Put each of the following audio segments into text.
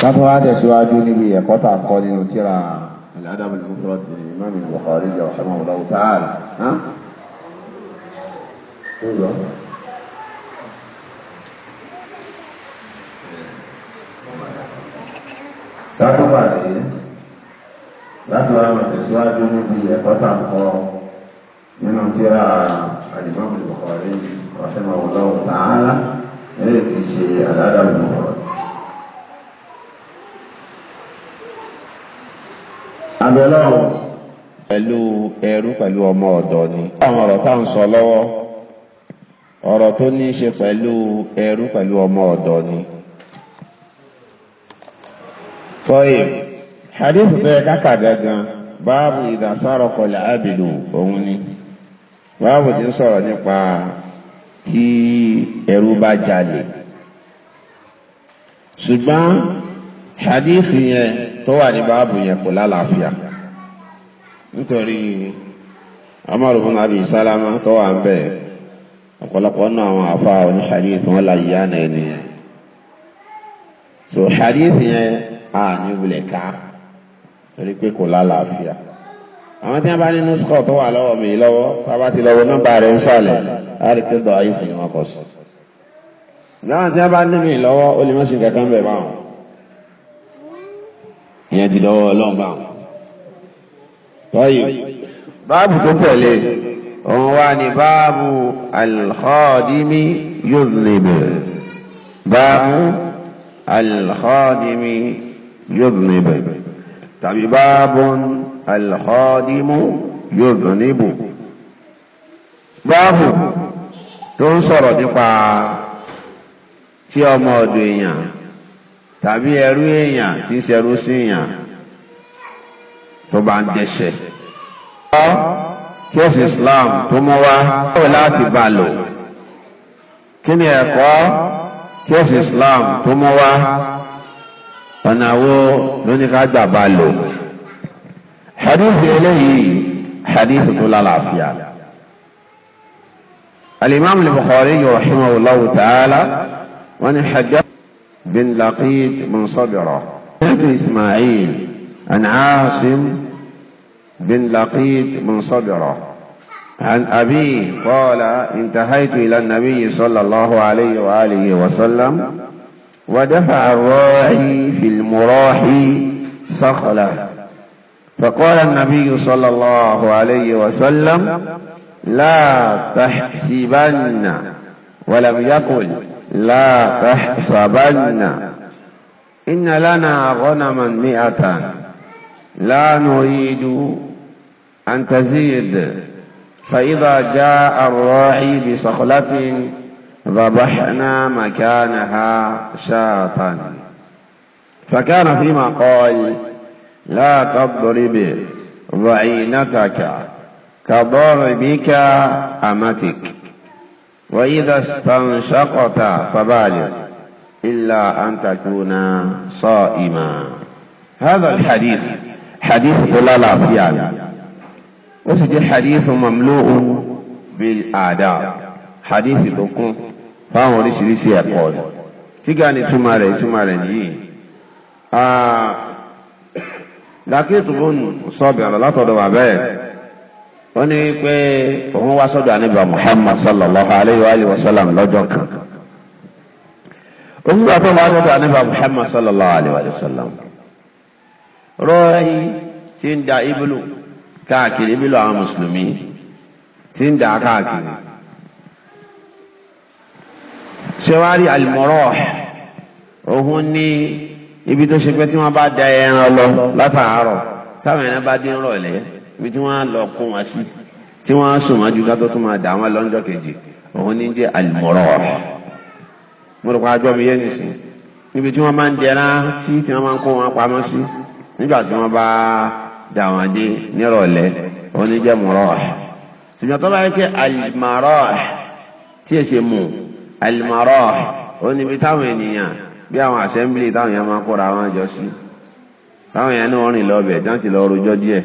káfí wá tẹ̀síwájú níbi ẹ̀kọ́ tà ń kọ́ nínú tíra Al-Adabul Mufrad ní imáàmì Bukhari jẹ́ ọ̀sán ọ̀dọ́ ọ̀tààlà. kátóbà dé láti wá máa tẹ̀síwájú níbi ẹ̀kọ́ tà ń nínú tíra Al-Imam Bukhari ọ̀sán ọ̀dọ́ ọ̀tààlà ẹ̀rẹ́ kìí ṣe Al-Adabul Mufrad. ọlọ́run. pẹ̀lú ẹrú pẹ̀lú ọmọ ọ̀dọ̀ ni. àwọn ọ̀rọ̀ tá ń sọ lọ́wọ́ ọ̀rọ̀ tó ní í ṣe pẹ̀lú ẹrú pẹ̀lú ọmọ ọ̀dọ̀ ni. tọ́yì hadith tó yẹ káka gangan báàbù ìdásárọ̀ kọlẹ̀ ábìlù òun ni báàbù ti ń sọ̀rọ̀ nípa bá jalè ṣùgbọ́n yẹn tó wà ní báàbù yẹn kò lálàáfíà. nítorí Amaru bin Abi Salama tó wà ń bẹ̀ ọ̀pọ̀lọpọ̀ náà àwọn afa oní hadith wọn la yíyá náà ènìyàn so hadith yẹn a ní wulẹ̀ ká torí pé kò lálàáfíà àwọn tí wọn bá ní nuskọ tó wà lọ́wọ́ mi lọ́wọ́ bàbá ti lọ́wọ́ nọ́mbà rẹ̀ ń sàlẹ̀ láti pé dọ ayé fún wọn kọ sí. láwọn tí wọn bá ní mi lọ́wọ́ ó kankan bẹ́ẹ̀ báwọn ìyẹn ti lọ́wọ́ Ọlọ́run báwọn. طيب باب تتلي عنوان باب الخادم يذنب باب الخادم يذنب طيب باب الخادم يذنب báàbù tó ń sọ̀rọ̀ nípa tí ọmọ ọ̀dọ̀ èèyàn tàbí ẹrú èèyàn tí ń ṣerú sí èèyàn tó bá ń dẹ́ṣẹ̀. kí ẹ̀sìn Islam tó mú wá báwo láti bá a lò kí ni ẹ̀kọ́ kí ẹ̀sìn Islam tó mú wá ọ̀nà wo ló ní ká gbà bá a lò. hadith eléyìí hadith tó lálàáfíà. الإمام البخاري رحمه الله تعالى ونحجر بن لقيط بن صبرة سمعت إسماعيل عن عاصم بن لقيط بن صدرة عن أبيه قال انتهيت إلى النبي صلى الله عليه وآله وسلم ودفع الراعي في المراحي صخلة فقال النبي صلى الله عليه وسلم لا تحسبن ولم يقل لا تحسبن إن لنا غنما مئة لا نريد أن تزيد فإذا جاء الراعي بصخلة ذبحنا مكانها شاة فكان فيما قال لا تضرب ضعينتك كضربك أمتك وإذا استنشقت فبالغ إلا أن تكون صائما هذا الحديث حديث tó lálàáfíà ni ó sì jẹ́ hadith mamlu'u bil adab hadith tó kún fáwọn oríṣiríṣi ẹ̀kọ́ rẹ̀ kíga ni túmọ̀ rẹ̀ túmọ̀ rẹ̀ nìyí. lakitu bun sọ́ọ̀bì ọ̀rọ̀ látọ̀dọ̀ wà bẹ́ẹ̀ ó ní pé òun wá sọ́dọ̀ àníbà Muhammad sallallahu alayhi wa sallam lọ́jọ́ kan òun wá sọ́dọ̀ àníbà Muhammad sallallahu alayhi wa sallam rọ́ọ̀yì tí ń da ibùlù káàkiri ibùlù àwọn mùsùlùmí tí ń da káàkiri. ṣẹ́wárí àlùmọ́rọ́ òhun ní ibi tó ṣe pé tí wọ́n bá da ẹran lọ látàárọ̀ táwọn ẹran bá dín rọ̀lẹ́ ibi tí wọ́n á lọ kún wọn sí tí wọ́n á sùn mọ́jú kátó tó máa dà wọ́n lọ́jọ́ kejì òhun ní jẹ́ àlùmọ́rọ́ mo rò pé ajọ́ mi yé nìsín níbi tí wọ́n máa ń jẹrán sí tí wọ́n máa ń kó wọn pamọ́ sí nígbà tí wọ́n bá dà wọ́n dé nírọ̀lẹ́ oníjẹ́ mọ̀rọ̀ ṣùgbọ́n tó bá yẹ kí alimọ̀rọ̀ tí ẹ ṣe mú alimọ̀rọ̀ ó níbi táwọn ènìyàn bí àwọn assembly táwọn èèyàn máa kóra wọn jọ sí táwọn èèyàn náà rìn lọ bẹ̀ dáǹsì lọ rojọ́ díẹ̀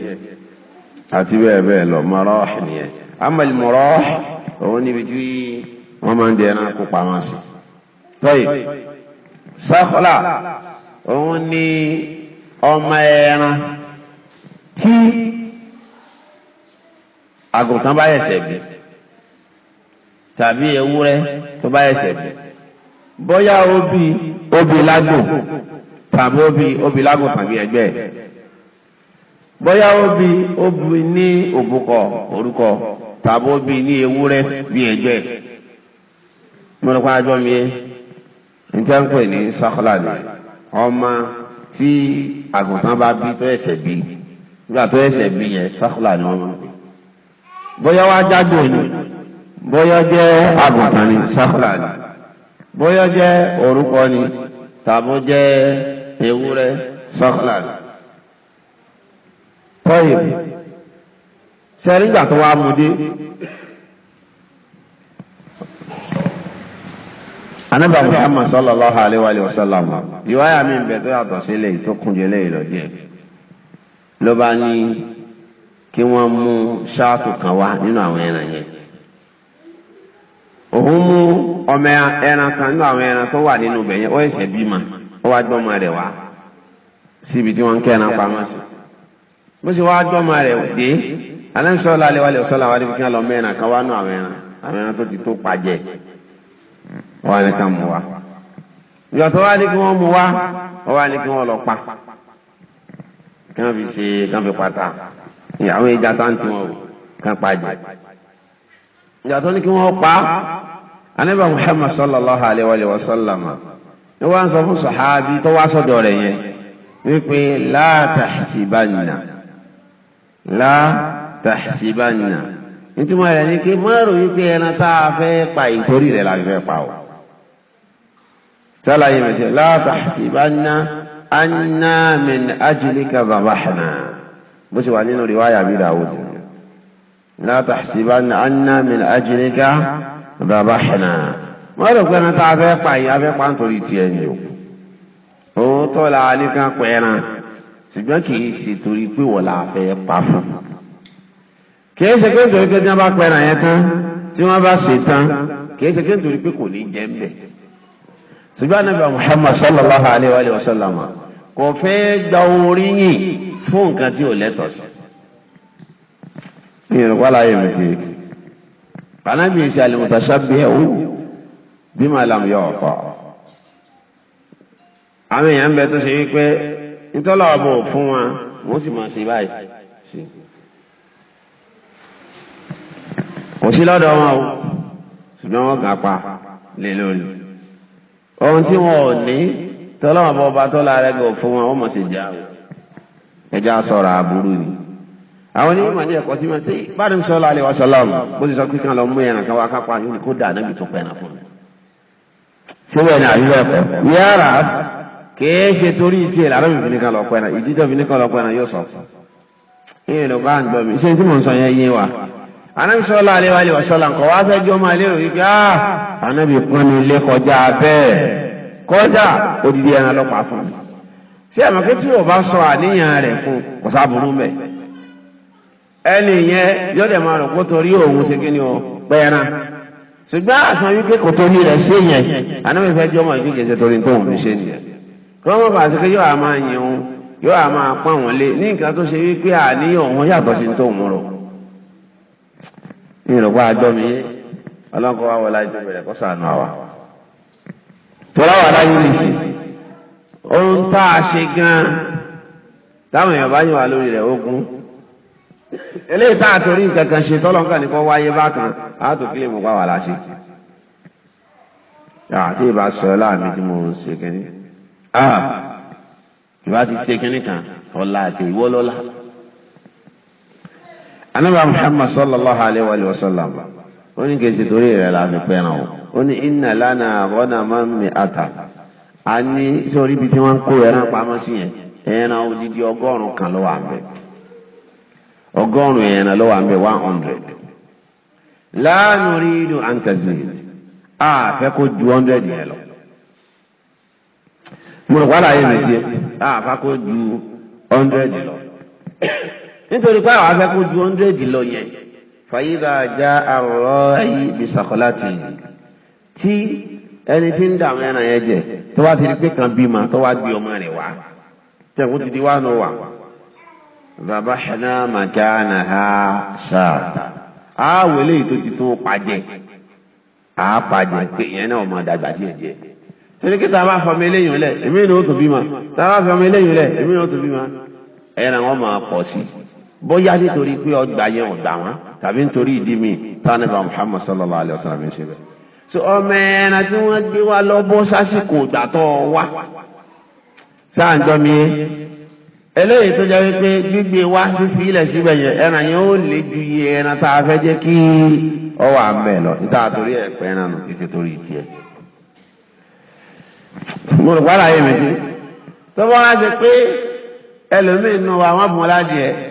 àti bẹ́ẹ̀ bẹ́ẹ̀ lọ mọ̀rọ̀ nìyẹn amalimọ̀rọ̀ òun níbi tí wọ́n máa ń dẹ ẹran kó pamọ́ sí. tọ́yì òun ní. ọmọ ẹran tí àgùntàn bá yẹsẹ̀ bí tàbí ewúrẹ́ tó bá yẹsẹ̀ bí bóyá obi obi lágbo tàbí obi obi lágbo tàbí ẹgbẹ́ bóyá obi obi ní òbúkọ orúkọ tàbí obi ní ewúrẹ́ bí ẹgbẹ́ mo ajọ́ mi yé njẹ́ ń pè ní ni ọmọ. tí àgùntàn bá bí tó ẹsẹ̀ bí nígbà tó ẹsẹ̀ bí yẹn sákùlà ni wọ́n máa bí bóyá wá jágbó ni bóyá jẹ́ àgùntàn ni sákùlà ni bóyá jẹ́ orúkọ ni tàbó jẹ́ ewúrẹ́ sákùlà ni. tọ́yìn sẹ́rí ìgbà tó wá mu dé. anaba muhammad sallallahu alayhi wa sallam riwaya mi bẹ tó yàtọ̀ sí eléyìí tó kúnjẹ eléyìí lọ díẹ̀ ló bá ní kí wọ́n mú ṣáàtù kan wá nínú àwọn ẹran yẹn òun mú ọmọ ẹran kan nínú àwọn ẹran tó wà nínú ibẹ̀ yẹn ó ẹsẹ̀ bímọ ó wá gbọ́mọ rẹ̀ wá síbi tí wọ́n ń kẹ́ran pamọ́ sí bó ṣe wá gbọ́mọ rẹ̀ dé alẹ́ sọ́lá alẹ́ wa lè sọ́lá wa lè fi kí wọ́n lọ mẹ́ran kan wá nù àwọn ẹran àwọn ẹran tó ti tó pàjẹ́ wọ́n á ní ká mú wa ìjọ tó wá ní kí wọ́n mú wa wọ́n wá ní kí wọ́n lọ pa kí wọ́n fi ṣe kí wọ́n fi pata ìyàwó ìjà táǹtì wọn o kan pàjẹ́ ìjà tó ní kí wọ́n pa anábà Muhammad sallallahu alayhi wa sallam ni wọ́n sọ fún sàhábì tó wá sọ́dọ̀ rẹ̀ yẹn wípé la tahsibanna nítorí wọn rẹ̀ ní kí mọ́rùn-ún wípé ẹran tá a fẹ́ pa ìtorí rẹ̀ la fẹ́ pa o sálàyé mẹ́tẹ́ látàṣìbáná annamin ajilika zabahna bó ti wà nínú riwaya bí dàwùd látàṣìbáná annamin ajilika zabahna wọ́n rò pé ẹran tá a fẹ́ pa yìí a fẹ́ pa nítorí tiẹ̀ ni o òótọ́ la nìkan pẹ̀ran ṣùgbọ́n kì í ṣe torí pé wọ́n la fẹ́ pa fún kì í ṣe pé nítorí pé tí wọ́n bá pẹ̀ran yẹn tán tí wọ́n bá ṣe tán kì í ṣe pé nítorí pé kò ní jẹ́ mbẹ́ ṣùgbọ́n anábìá muhammad sallallahu alayhi wa sallam kò fẹ́ gba orí yìn fún nǹkan tí ò lẹ́tọ̀ sí. ìyẹn wà láàyè mi ti anábìá ṣe al-mutashabbihu bima lam yu'ta àwọn èèyàn ń bẹ tó ṣe wípé nítọ́lá ọmọ ò fún wa wọ́n sì máa ṣe báyìí kò sí lọ́dọ̀ wọn o ṣùgbọ́n wọ́n kà pa lè lónìí. ohun tí wọn ò ní tọ́lọ́wọ́n ọba tó láàrẹ́ gò fún wọn ó mọ̀ sí jà ẹja sọ̀rọ̀ àbúrú ni. àwọn onímọ̀ ní ẹ̀kọ́ sí báyìí ń wa bó ti sọ pé kàn lọ mú ẹran kan wá kápá yóò kó dà níbi tó fún mi. síbẹ̀ ni àbí bẹ́ẹ̀ kọ́ yàrá kìí ṣe torí tiẹ̀ mi lọ ìdíjọ́ anabi sọlá alẹ́ wàlẹ́ wàsọ́lá nǹkan wá fẹ́ jọ́ máa lérò wípé ah, áà anabi pọ́n mi lé kọjá bẹ́ẹ̀ kọjá odidi ẹran lọ́pàá fún mi ṣé àmọ́ pé tí o bá sọ àníyàn rẹ̀ fún kò sábùrú mẹ́ ẹni yẹn yóò dẹ̀ máa rò kó torí òun ṣe kí ni o pẹ́ẹ́rán ṣùgbọ́n àṣà wípé kò tó ní rẹ̀ ṣé yẹn anabi fẹ́ jọ́ máa ju kẹsẹ̀ torí tóun ní ṣe nìyẹn kọ́mọ́ bá ṣe pé yóò àmà yẹn yóò àmà pọ́n wọn lé ní nǹkan tó ṣe wípé àníyàn wọn yàtọ̀ sí tóun rọ̀ ìrọ̀pá àjọmi yé ọlọ́kọ̀ wa wọlé àjọ bẹ̀rẹ̀ kọ́ sànù àwa. tọ́lá wà láyé nìsí ohun tá a ṣe gan-an táwọn èèyàn bá yàn wá lórí rẹ̀ ogun eléyìí tá a torí nǹkan kan ṣe tọ́lọ́ nǹkan nìkan wáyé bákan á tó kílẹ̀ mọ́ pa wà láṣẹ. àti ìbá sọ ọ́ láàmì tí mo ṣe kínní. Ah! ìbá ti ṣe kínní kan ọ̀la àti ìwọ́lọ́lá anábà muhammad sallallahu alayhi wa sallam ó ní kejì torí rẹ̀ la fi pẹ́ràn o ó ní iná lánà àbọ̀nà máa ń mi àtà a ní sórí ibi tí wọ́n ń kó ẹran pamọ́ sí yẹn ẹran odidi ọgọ́rùn-ún kan ló wà ń bẹ ọgọ́rùn ẹran ló wà ń bẹ one hundred láàánú rí inú àǹtẹ̀sí a fẹ́ kó ju hundred yẹn lọ mo rò wá láyé mi tiẹ̀ a fẹ́ kó ju hundred lọ nítorí pé àwọn afẹ́ kó ju hundred lọ yẹn fàyídà já àrọ̀ ẹ̀yìn bisakola tì tí ẹni tí ń dààmú ẹran yẹn jẹ tó wá ti di pé kan bímọ tó wá gbé ọmọ rẹ̀ wá tẹ̀kún ti di wá nù wá. ذبحنا مكانها شاة a wò eléyìí tó ti tún pàjẹ a pàjẹ pé ìyẹn náà ọmọ àdàgbà díẹ̀ díẹ̀ torí kí táwa bá fọmọ eléyìí lẹ èmi ni ó tún bímọ táwa fọmọ eléyìí lẹ èmi ni ó tún bímọ ẹyẹ náà wọn máa pọ̀ sí i bóyá nítorí pé ọgbà yẹn ò gbà wọn tàbí nítorí ìdí mi tánàbà muhammad sallallahu alayhi wa sallam ṣe bẹ. so ọmọ ẹran tí wọ́n gbé wa lọ bọ́ sásìkò ìgbà tó sáà ń jọ mi yé eléyìí tó jẹ́ wípé gbígbé wa fífi ilẹ̀ síbẹ̀ yẹn ẹran yẹn ó lè ju iye ẹran tá a fẹ́ jẹ́ kí ọ wà mẹ́ lọ níta torí ẹ̀ pẹ́ ẹran nù kí ṣe torí tiẹ̀. mo rò pàdé ayé mi ti tó bá wá ṣe pé ẹlòmíín nù wa wọ́n bùn ládìẹ.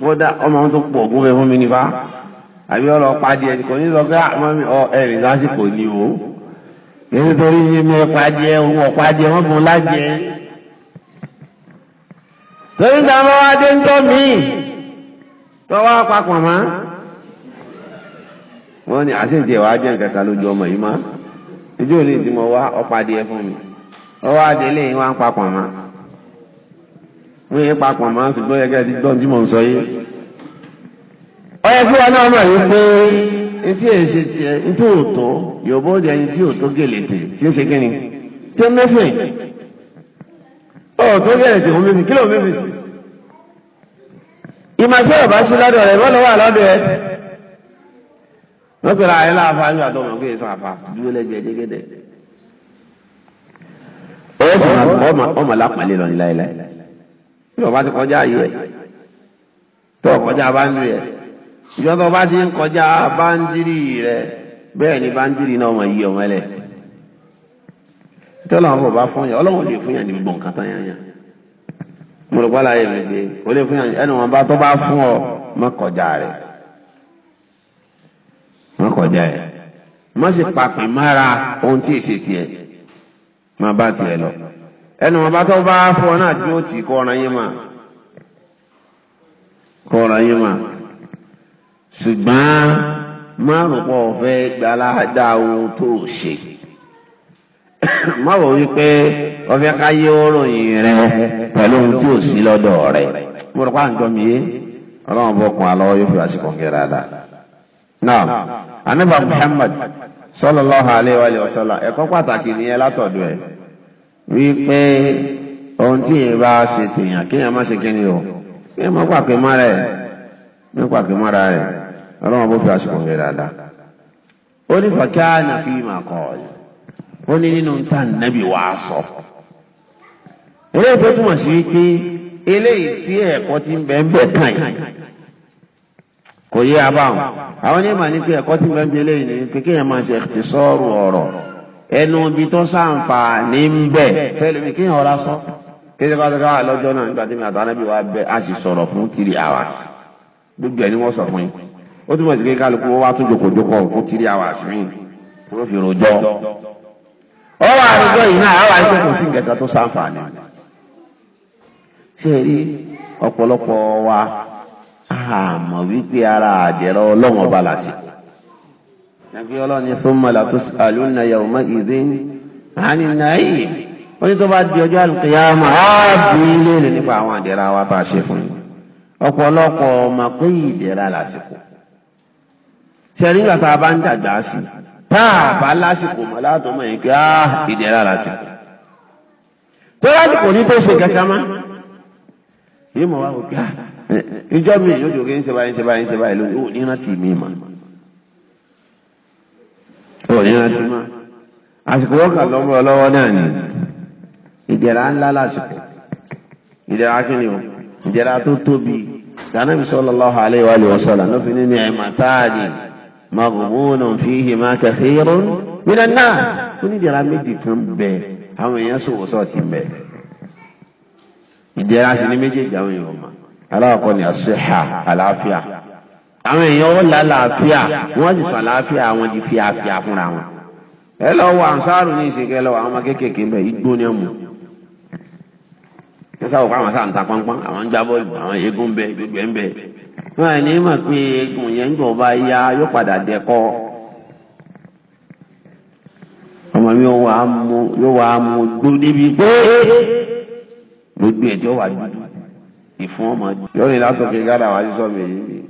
kódà ọmọ tó pọ̀ ògùn fẹ́ fún mi nípa àbí ọ̀rọ̀ padì ẹ̀ kò ní sọ pé ọ ẹ̀rìn lásìkò ni o èyí torí yín mi padì ẹ̀ òun ọ̀padì fún lájẹ. torí ń mi papọ̀ mọ́ wọ́n ní jẹ́ nǹkan kan ọmọ yìí mọ́ wá ẹ̀ fún mi ọwọ́ wá wọ́n yẹ papọ̀ máa ṣùgbọ́n yẹ kẹ́ ẹ ti gbọ́n tí mò ń sọ yìí. ọyẹ kí wọn náà mọ̀ ní pé etí ẹ̀ ṣe tiẹ̀ etí ò tó yòòbó òde ẹni tí ò tó gèlè tè tí ó ṣe kí ni tí ó mẹ́fẹ̀ ọ̀ tó gèlè tè ó mẹ́fẹ̀ kí ló mẹ́fẹ̀ sí. ìmọ̀ tí ọ̀bá sí lọ́dọ̀ rẹ̀ bọ́lá wà lọ́dọ̀ ẹ̀ wọ́n pèrè àyè láàfà ń yọ àtọ́mọ̀ kí èso àfà dúró lẹ́gbẹ̀ẹ́ dégédé. ó sì máa ọmọ lápàlẹ́ tí ọba ti kọjá yìí ẹ̀ tó kọjá báńdìrì ẹ̀ ìjọ tó bá ti ń kọjá báńdìrì rẹ̀ bẹ́ẹ̀ ni báńdìrì náà mọ̀ yí ọmọ ẹlẹ̀ tọ́lá ọ̀bọ̀ bá fún yà ọlọ́run lè fún yà ní gbọ̀n kàtà yà yà mo rò pálá yẹ mi ṣe ó lè fún yà ẹnu wọn bá tó bá fún ọ má kọjá rẹ̀ má kọjá ẹ̀ má sì papì mára ohun tí èsì tiẹ̀ má bá tiẹ̀ lọ. ẹnu ọba ba bá fún ọ náà dúró tì kọ̀ọ̀ràn yín mà kọ̀ọ̀ràn yín mà ṣùgbọ́n márùn pọ̀ fẹ́ ohun tó ṣe má wò wípé ọfẹ́ ká yé oròyìn rẹ ohun tí ò sí lọdọ rẹ mo rò pa nǹkan mi yé kún yóò fi wá sí dáadáa. náà anábà Muhammad pàtàkì nìyẹn wípé ohun tí èèyàn bá ṣe tèèyàn kéèyàn má ṣe kíni o kéèyàn má pàpè mọ́ra ẹ̀ má pàpè mọ́ra rẹ̀ ọlọ́run bó fi àsìkò dáadáa. ó ní fàkíà ó ní nínú ń tà wà wàá sọ. eléyìí tó túmọ̀ sí eléyìí tí ẹ̀kọ́ ti ń bẹ ń kò yé àwọn onímọ̀ ní pé ẹ̀kọ́ ti ń bẹ ń bẹ eléyìí ni kéèyàn máa ṣe ikhtisaru ẹnu ibi tó sàǹfààní ń bẹ pẹ̀lú mi kí n ọ̀rá sọ kí ṣe bá ṣe káwá lọ́jọ́ náà nígbà tí mi àtàwọn ẹbí wa bẹ a sì sọ̀rọ̀ fún three hours gbogbo ẹ̀ ni wọ́n sọ fún yín ó túmọ̀ sí pé kálukú wọ́n wá tún jòkòjòkò fún three hours mí tó fi rojọ́ ọ wà àrùjọ yìí náà àwọn àrùjọ kò sí nǹkan tó sàǹfààní ṣe rí ọ̀pọ̀lọpọ̀ wa àmọ̀ wípé ara àjẹrọ ọlọ́wọ́n balà sí nàbí ọlọ́run ní sọ́mọ làtúnṣàlùnà yawma idhin àní nàáyì ó ní tó bá di ọjọ́ àlùkìyàmà á bí léèrè nípa àwọn àdẹ̀rà wa bá a ṣe fún un ọ̀pọ̀lọpọ̀ ọmọ pé ìdẹ̀ra lásìkò ṣẹ̀rí gbàtà bá ń dàgbà sí tá a bá lásìkò mọ̀ látọmọ yìí pé á ah, ìdẹ̀ra lásìkò tó lásìkò ní tó ṣe kankan má yìí mọ̀ wá òkè ah, ìjọ mi yóò dòkè ń ṣe báyìí ń ṣe báyìí ń ṣe báyìí ò ní rántí mọ́ àsìkò ọkà lọ́mọ ọlọ́wọ́ náà ni ìdẹ̀ra ńlá lásìkò ìdẹ̀ra kíni o ìdẹ̀ra tó tóbi ganabi sallallahu alayhi wa alihi wa sallam ló fi ní ní ẹ̀mọ́tàdì maghbunun fihima kathirun minan nas ó ní ìdẹ̀ra méjì kan bẹ àwọn èèyàn sòwò sọ̀tì bẹ ìdẹ̀ra sì ní méjèèjì àwọn èèyàn mọ̀ aláwọ̀ kọ́ni àṣìhà àlàáfíà àwọn èèyàn ó lálàáfíà wọ́n sì sọ àlàáfíà àwọn di fíafíà fúnra wọn ẹ lọ wọ àǹsáàrù ní ìṣèkẹ lọ àwọn ọmọ kéékèèké bẹ́ẹ̀ igbó ni ọmọ ẹ sáwọ káwọn sáà ń ta pọnpọn àwọn ń gbá bọ́ọ̀lù àwọn eégún ń bẹ gbogbo ẹ ń bẹ wọn àìní mọ̀ pé eégún yẹn ń gbọ bá yá yóò padà dẹkọ ọmọ mi yóò wá mú gbó débi pé gbogbo ẹ wà dúdú ìfún ọmọ yóò ní gádà wá sí sọ́ọ̀bù èyí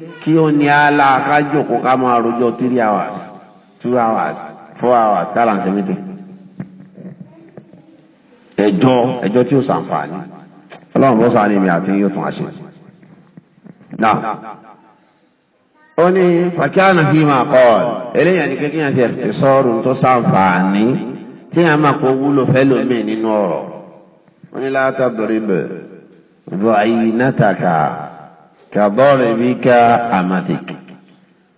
kí ó ní àlà kájòkó ká máa rojọ́ three hours two hours four hours tálà ń ṣe mí dùn. ẹjọ́ ẹjọ́ tí ó ṣàǹfààní ọlọ́run bó sáà ní mi àti yóò tún àṣẹ. náà ó ní fàkíyànà fi máa kọ́ ọ eléyàn ní kékeré yẹn ti ẹ̀fẹ̀ sọ́ọ̀rù tó ṣàǹfààní tí yẹn máa kó wúlò fẹ́ lómi nínú ọ̀rọ̀ ó ní látàdúrí bẹ̀ bọ̀ àyínátàkà kàdọ́rìbíkà amatik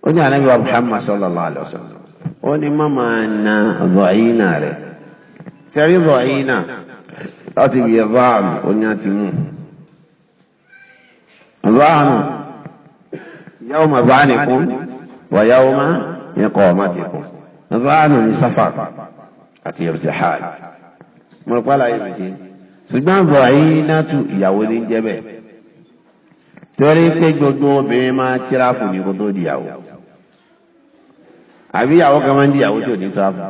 ó ní ànábì wa Muhammad sallallahu alayhi wa sallam ó ní má máa na dọ̀ọ́yìnà rẹ̀ sẹ́rí dọ̀ọ́yìnà láti bí ẹ̀báàmù ó ní àti mú ẹ̀báàmù yàwó ma bá nìkún wà yàwó ma yẹ kọ́ ọ̀ma ti kún ẹ̀báàmù ní sáfà àti ìrìtìhàì mo rò pàlàyé mi jẹ ṣùgbọ́n dọ̀ọ́yìnà tu ìyàwó ní jẹ́ bẹ́ẹ̀. torí pé gbogbo obìnrin máa tíráfù ní kó tó dìyàwó àbí ìyàwó kan máa ń dìyàwó tí ò ní tíráfù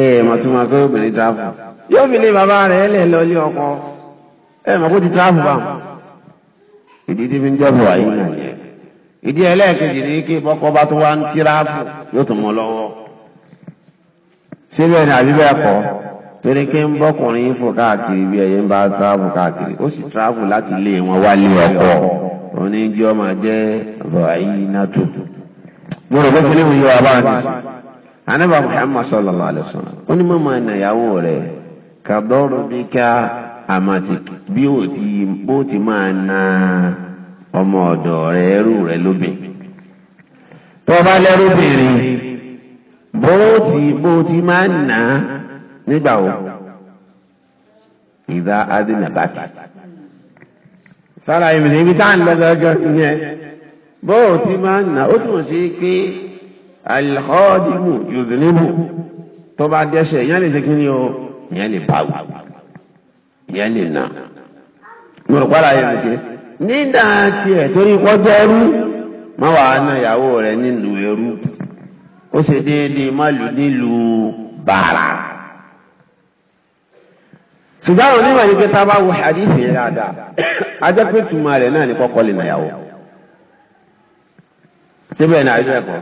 ẹ mà tún máa obìnrin yóò fi lé bàbá rẹ̀ lẹ̀ lọ ọkọ ẹ mà kó ti tíráfù bá wọn ìdí tí fi ń jọ́bù wáyé náà yẹn ìdí ẹlẹ́ẹ̀kejì ni kí bọ́kọ bá tó wá ń tíráfù yóò mọ́ ni àbí bẹ́ẹ̀ péréke ń bọ́kùnrin fò káàkiri bí ẹyẹ ń bá tíráàbù káàkiri ó sì tíráàbù láti lé wọn wálé ọkọ mo rò pé yọ sùn. anábà Muhammad sallallahu alayhi wa sallam ó ní mọ́ máa rẹ̀ kàdọ́rù bí ká bí ó ti bó ti máa na ọmọ ọ̀dọ̀ rẹ̀ ẹrú rẹ̀ lóbìn. tó lẹ́rú bìnrin bó ti bó ti máa nígbà wo ìdá adínàbàtì sára ìmìlẹ̀ ibi tá à ń lọ gẹ́gẹ́ bóò ti máa ń nà ó sí pé tó bá dẹ́sẹ̀ lè ṣe kí ni o ìyẹn lè bá wù ìyẹn lè nà mo rò pàdà yẹn lè nígbà tiẹ̀ torí ẹrú na ìyàwó nílùú ẹrú ó ṣe déédéé má lù nílùú ṣùgbọ́n àwọn onímọ̀ ike kẹta bá wọ hadith yẹn dáadáa ajẹ́ pé náà ní kọ́kọ́ lè nàyàwó síbẹ̀ náà ayé ẹ̀kọ́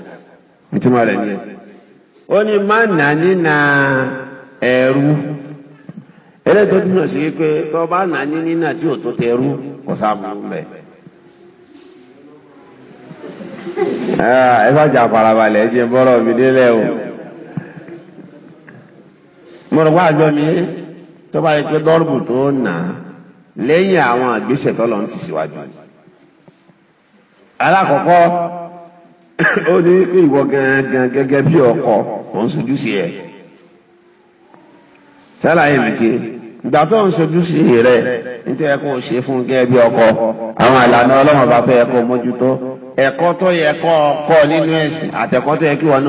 ìtumọ̀ rẹ̀ nìyẹn. ó ní má nà na ẹ̀rú ẹlẹ́tọ́ túmọ̀ sí pé tó bá ní tí kò ah, ẹ bá jà farabalẹ̀ jẹ́ bọ́rọ̀ mi délẹ̀ o. mo mi tó bá yẹ pé dọ́rùbù tó nà á lẹ́yìn àwọn àgbésẹ̀ tó lọ ti alákọ̀ọ́kọ́ ó ní ìwọ gangan gẹ́gẹ́ bí ọkọ òun sojú sí ẹ. sálàyé mi ti ìgbà tó ń sojú sí nítorí ṣe fún gẹ́gẹ́ bí ọkọ àwọn ọlọ́run bá fẹ́ ẹkọ mójútó ẹ̀kọ́ tó yẹ kọ́ nínú ẹ̀sìn àtẹ̀kọ́ tó yẹ kí wọn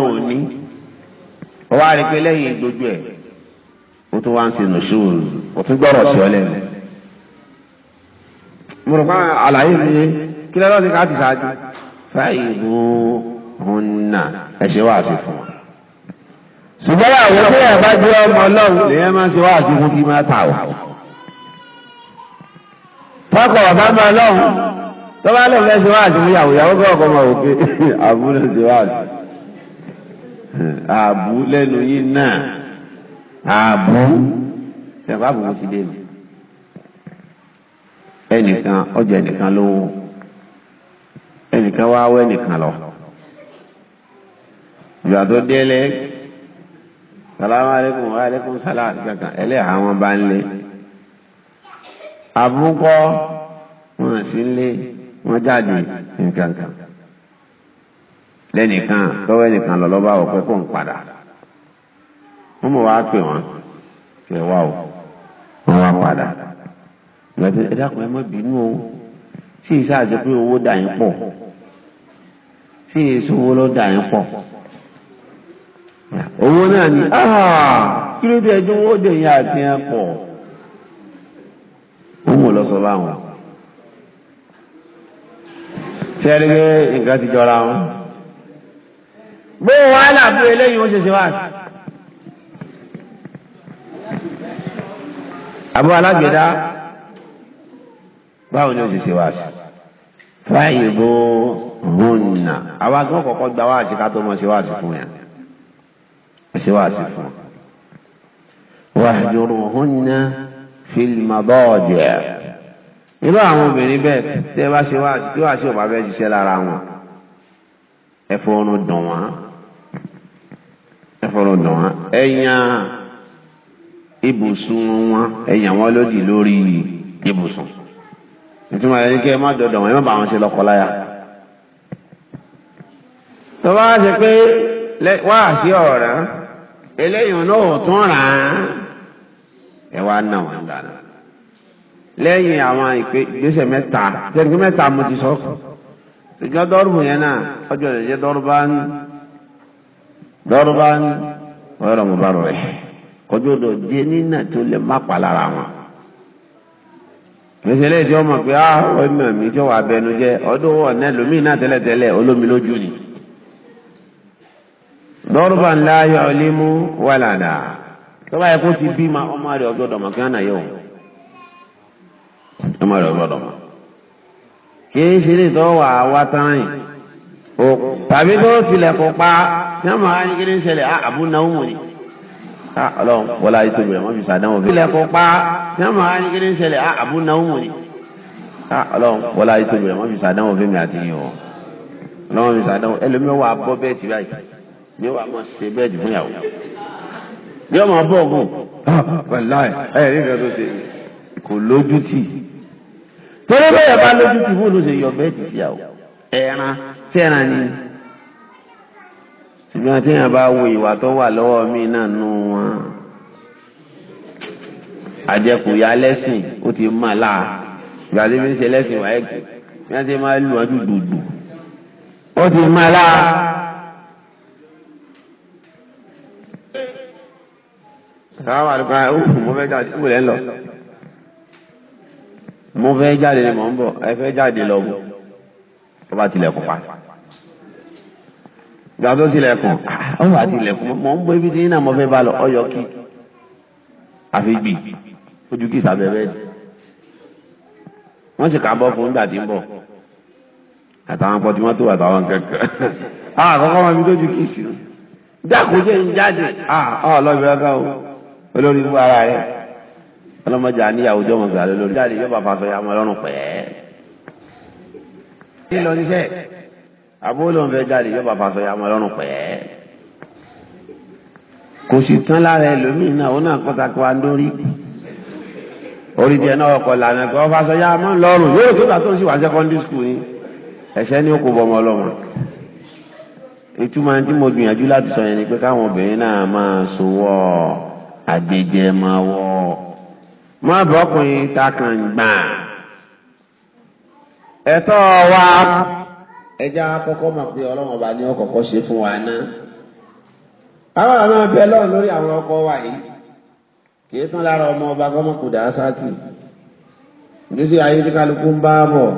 náà ò ó tún wá ń ṣe nùṣúùz ó tún gbọ́rọ̀ sí ọ lẹ́nu. mo rò pé àlàyé mi kí lọ́dọ̀ ní ká ti ṣáájú. fáyì bó hun nà ẹ ṣe wá sí fún wa. ṣùgbọ́n àwọn tó yà bá jẹ́ ọmọ ọlọ́run lèyẹn máa ṣe wá sí fún tí máa tà wá. tọkọ̀ ọ̀bá máa lọ́hùn tọ́ba lè fẹ́ ṣe wá sí fún yàwó yàwó kọ́ máa wò pé àbú ṣe wá sí. àbú lẹ́nu yìí náà ààbò ṣẹ̀fà àbùkù ti dé mi ẹnìkan ọjà ẹnìkan lówó ẹnìkan wá wọ ẹnìkan lọ ìgbà tó délé salamu wa aleykum salaam kankan ẹlẹ́yà wọn bá ń lé àbúkọ wọn sì ń lé wọn jáde nǹkan kan lẹ́nìkan lọ́wọ́ ẹnìkan lọ lọ́ba ọ̀pẹ́ kò ń padà wọ́n mọ̀ wá pè wọ́n kẹ wá o wọ́n wá padà ìgbàtí ẹ dákun ẹ má bínú o sí ìṣe àti pé owó dà yín pọ̀ sí èso owó ló dà yín pọ̀ owó náà ni ah, kí ló dé ẹjọ́ owó dè yín àti ẹ pọ̀ wọ́n mọ̀ lọ́sọ láwọn ṣe pé nǹkan ti jọra wọn bó wàhálà bó eléyìí wọ́n ṣe ṣe wá sí àbọ̀ alágbèdá báwo ni o sì ṣe wá sí fáyì bó hùnà àwa gan kọ́kọ́ gba wá sí ká tó mọ̀ ṣe wá sí fún yẹn ṣe wá sí fún wàhùjúrù hùnà fílmàbọ́ọ̀dì ẹ̀ irú àwọn obìnrin bẹ́ẹ̀ tẹ́ bá ṣe wá tí wàá ṣe ò bá ṣiṣẹ́ lára wọn ẹ̀fọ́ ọ̀run dùn wọ́n ẹ̀fọ́ ọ̀run dùn wọ́n ẹ̀yàn ibùsùn wọn ẹ̀yàn wọn lòdì lórí ibùsùn ìtumọ̀ ẹ̀yìn kí ẹ má dọ̀dọ̀ wọn ẹ má bà wọn ṣe lọ́kọláya. tó bá ṣe pé wá sí ọ̀ràn eléyìí náà tún ràn án ẹ wá nà wọn dáná lẹ́yìn àwọn ìgbésẹ̀ mẹ́ta jẹ́rìí mẹ́ta mo ti sọ ṣùgbọ́n dọ́rùbù yẹn náà ọjọ́ ìjẹ́ dọ́rùbá ń dọ́rùbá ń wọ́n yọ̀rọ̀ mo bá rọ̀ ẹ̀ kọjọ́ dọ̀ jẹ́ nínà tó lè má pa lára wọn. ìṣẹ̀lẹ̀ ìjọ mọ̀ pé á ọmọ mi jọ wà bẹnu jẹ́ ọdún wọ̀ náà lómi náà tẹ́lẹ̀tẹ́lẹ̀ olómi lójú ni. dọ́rùbà ńlá yọ ọlé mú wà lànà tó bá yẹ kó ti bí ma ọmọ rẹ̀ ọgbọ́dọ̀ mọ̀ kí wọ́n náà yẹ òun. ọmọ rẹ̀ ọgbọ́dọ̀ mọ̀ kì í ṣe lè tọ́ wà wá tán yìí tàbí tó tilẹ̀ kó pa ṣé àwọn akíní ṣẹlẹ̀ ah, àbúnáwó ni. Ah, ọlọ́run wọlé ayé tóbi rẹ̀ wọ́n fi sàdánwò bí. ilẹ̀ kò pa ṣé mo á ní kí ni ń ṣẹlẹ̀ àbú ah, náwó ni. Ah, ọlọ́run wọlé ayé tóbi rẹ̀ fi sàdánwò fẹ́mi àti yìí o ọlọ́run fi sàdánwò ẹlòmíràn wà bọ́ bẹ́ẹ̀ ti báyìí ni wà máa ṣe bẹ́ẹ̀ jù fún yàwó. bí ọmọ bọ́ ògùn pẹ̀lú ẹ̀ ẹ̀ ní ìfẹ́ tó ṣe kò lójú tì torí bẹ́ẹ̀ bá lójú tì fún olóṣèlú ọ̀bẹ́ẹ̀ ti ṣe ṣùgbọ́n tí yàn bá wo ìwà tó wà lọ́wọ́ mi náà nù wọn àjẹkùyà lẹ́sìn ó ti mọ̀ láà ìgbà tí mi ń ṣe lẹ́sìn wáyé kù bí wọ́n ti máa lù wọ́n dùdùdù ó ti mọ̀ láà. sáwọn àlùkò ẹ ọhún mo fẹ́ jáde ìwòlẹ ń lọ mo fẹ́ jáde ni mò ń bọ̀ ẹ fẹ́ jáde lọ bọ ọba tilẹ̀kùn pa gbà tó tilẹ̀kùn ọwọ́ àtilẹ̀kùn mọ̀ ń bọ ibi tí yín náà mọ̀ fẹ́ bá lọ ọyọ kí àfi gbì ojú kí sábẹ́ bẹ́ẹ̀ wọ́n sì ká bọ́ fún nígbà tí ń bọ̀ àtàwọn pọ̀ tí wọ́n tó àtàwọn kẹ̀kẹ́ àkọ́kọ́ wọn fi tójú kí sí dákòjé ń jáde ọlọ́ọ̀bẹ ah, ọ̀gá o olórí fún ara rẹ̀ ọlọ́mọdé àníyàwó jọmọ gbà lórí jáde yóò bá fa sọ ya mọ lọ́rùn pẹ́ẹ́ àbúrò ló ń fẹ́ jáde yóò bàbá sọ ya mọ́ lọ́rùn pẹ́. kò sì tán lára ẹlòmíín náà òun náà kọ́ta kó wa lórí orí tiẹ̀ náà ọkọ̀ lànà pé ọba sọ ya mọ́ yóò tó gbà tó ń sì wá secondary school yìí ẹ̀ṣẹ́ ni ó kó bọ́ ọmọ ọlọ́run ìtumọ̀ tí mo gbìyànjú láti sọ yẹn ni pé káwọn obìnrin náà máa sowọ́ àgbèjẹmọ́wọ́ má bọ́kùnrin takàn ẹ̀tọ́ wa ẹja kọ́kọ́ mọ̀ pé ọlọ́run ọba ni ó kọ́kọ́ ṣe fún wa náà àwọn àmọ́ bẹ lọ́run lórí àwọn ọkọ wa yìí kì í tán lára ọmọ ọba kọ́mọkùdà sáàkì ìdísí ayé tí kálukú ń bá bọ̀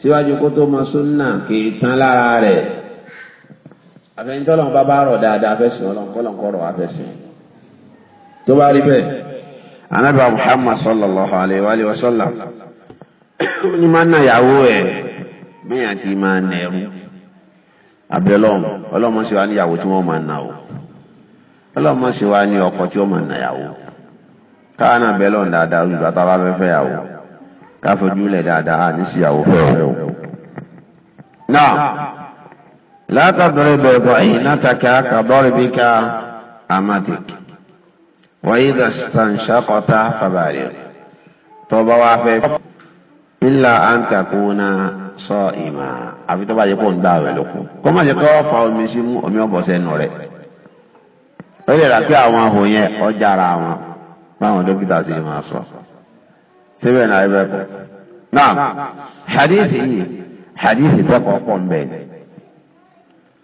síwájú kó tó mọ súnà kì í tán lára rẹ̀ àfẹnitọ́lọ́run bá bá rọ̀ dáadáa fẹ̀sìn ọlọ́run kọ́lọ́run kọ́rọ̀ wá tó bá rí bẹ́ẹ̀ anábìá Muhammad sallallahu alayhi wa sallam ó ní máa ń nà yàwó ẹ̀. bẹ́ẹ̀ àti máa nà ẹrú abẹ́lọ́mù ọlọ́mọ sì wá níyàwó tí wọ́n máa nà o ní ọkọ tí máa nà yàwó káwọn dáadáa tá a bá fẹ́ fẹ́ yàwó káfojúlẹ̀ dáadáa àní síyàwó fẹ́ o. náà látàdúrẹ́ bẹ̀rẹ̀ bọ̀ ẹ̀yìn látàkẹ́ àkàbọ̀rẹ̀ bí ká amatik wàyí dàṣtàǹṣàkọ́tà fàbàrẹ̀ tọ́ba wá fẹ́ ilà sọ ìmọ̀ àfi tó bá yẹ kó ń gbà rẹ̀ lókun kó má jẹ́ kó fa omi sí mú omi ọ̀bọ̀ sẹ́nu rẹ̀ ó lè rà pé àwọn ahò yẹn ọjà ara wọn báwọn dókítà sì máa sọ síbẹ̀ náà ẹ bẹ́ẹ̀ kọ́ náà hadithi yìí hadithi tọkọ̀ pọ̀ ń bẹ̀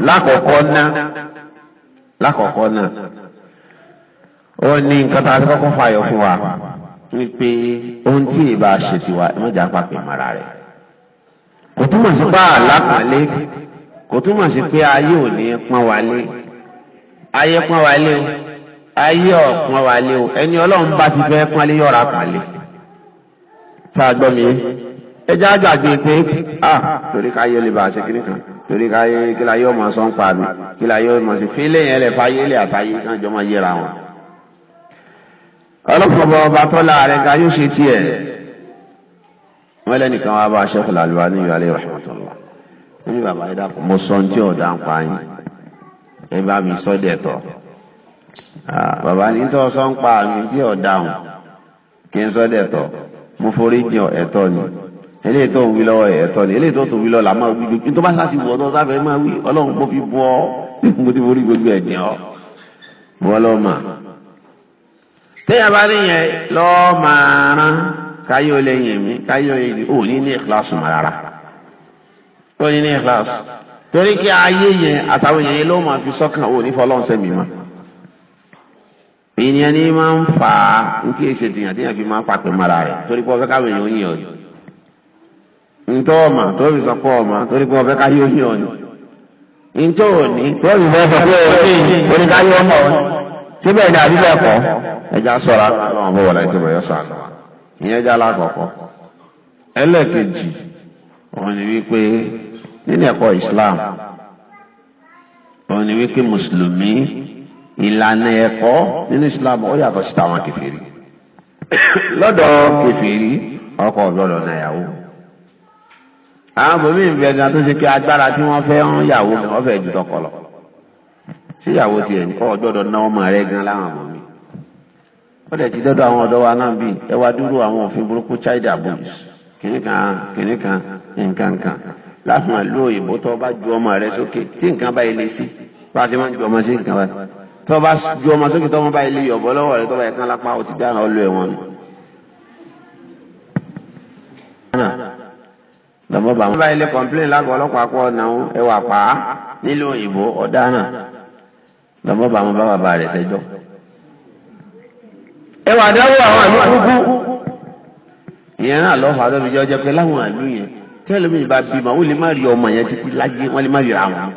lákọ̀ọ́kọ́ ná lákọ̀ọ́kọ́ náà ó ní nǹkan tá a ti kọ́kọ́ fààyàn fún wa wípé ohun tí ì bá ṣe ẹ má jà pàpẹ́ mara rẹ̀ kò túmọ̀ sí pé àlápọ̀nlé kò túmọ̀ sí pé ayé ò ní pọ́n wálé ayé pọ́n wálé o ayé ò pọ́n wálé o ẹni ọlọ́run bá ti fẹ́ pọ́nlé yọ̀ọ̀ra pọ́nlé tá a gbọ́ mi ẹjẹ́ àgbàgbé pé à ah, torí káyé lè bá a ṣe kíní kan torí káyé kí la yóò máa sọ ń pa mi kí la yóò máa ṣe fílẹ̀ yẹn lè fáyé lè àtàyé kan jọ máa yẹra wọn. ọlọ́pàá ọba tọ́lá rẹ̀ ká yóò ṣe tiẹ̀ wọ́n lẹ́nìkan wá bá Sheikh Al-Albani alayhi rahmatullah wọ́n ní bàbá ẹ̀dá kan mo sọ ní tí ọ̀dà ń pa yín ẹ bá mi sọ dẹ̀ tọ̀ bàbá ní tó sọ ń pa mi tí ọ̀dà hùn kí n sọ dẹ̀ tọ̀ mo forí jìn ẹ̀tọ́ ni eléyìí tó ń wí lọ́wọ́ ẹ̀tọ́ ni eléyìí tó tó wí lọ́wọ́ la máa wí gbogbo tó bá sáti wọ̀ ọ́ tó máa wí ọlọ́run kó fi bọ́ mo ti forí gbogbo ẹ̀dẹ̀ ọ́ bọ́ lọ́ọ́ mà téèyàn bá níyẹn lọ́ọ́ máa rán káyé ó lẹ́yìn mi káyé ó lẹ́yìn mi ò ní ní ìkíláàsì mọ́ rárá ó ní ní ìkíláàsì torí kí ayé yẹn àtàwọn èèyàn yẹn ló máa fi sọ́kàn ò ní sẹ́mi mọ́ ìyẹn ni máa ń fa ntí èsè tìyàn tìyàn fi máa ń papẹ̀ mọ́ra rẹ̀ torí pé ọ̀fẹ́ káwọn èèyàn yìn ọ̀yọ́ ntọ́ ọ̀mà tó fi sọ pé ọ̀mà torí pé ọ̀fẹ́ káyé yìn ọ̀yọ́ ntọ́ òní tó fi sọ pé ọ̀yọ́ oníkáyé ọmọ ọ̀yọ́ síbẹ̀ ni àbí bẹ́ẹ̀ kọ́ ẹja sọ̀rọ̀ àwọn ọmọ wọlé tó bẹ̀rẹ̀ sọ̀rọ̀ ìyẹn jẹ́ alákọ̀ọ́kọ́ ẹlẹ́ẹ̀kejì òun ni wípé nínú ẹ̀kọ́ Islam òun ni wípé mùsùlùmí ìlànà ẹ̀kọ́ nínú Islam ó yàtọ̀ sí tàwọn kẹfìrí lọ́dọ̀ kẹfìrí ọkọ ọ̀gbọ́dọ̀ nàyàwó àwọn bòmí ń bẹ gan tó ṣe pé agbára tí wọ́n fẹ́ ń yàwó ni wọ́n fẹ́ ju tọkọ lọ síyàwó tiẹ̀ ń kọ́ ọ̀gbọ́dọ̀ náwó mọ̀ rẹ gan láwọn ó dẹ̀ ti dọ́dọ̀ àwọn ọ̀dọ́ wa náà bíi ẹ wá dúró àwọn òfin burúkú china boys kìnìkan kìnìkan nǹkankan láfún àlọ́ òyìnbó tó bá ju ọmọ rẹ sókè tí nǹkan bá ilé sí bá a ti máa ń ju ọmọ sí nǹkan báyìí tó bá ju ọmọ sókè tó ọmọ bá ilé yọ̀bọ lọ́wọ́ rẹ tó bá yẹ kán lápá ó ti dáná ọlọ́ ẹ̀wọ̀n nù. lọ́mọ bá wọn. bá ilé kọ̀ǹpilẹ̀ lágọ̀ọ́ ọlọ́pàá pọ̀ náà ẹwà pa nílùú òyìnbó ọ̀daràn lọ́mọ bá bá bàbá rẹ̀ ṣẹjọ́ ẹwà dáwọ àwọn àlú àdúgbò ìyẹn náà lọ́fà tó fi jẹ́ ọjọ́ pé láwọn àlú yẹn tí ẹlòmíì bá bí ma ó lè má rí ọmọ yẹn títí láyé wọ́n lè má rí ra wọn.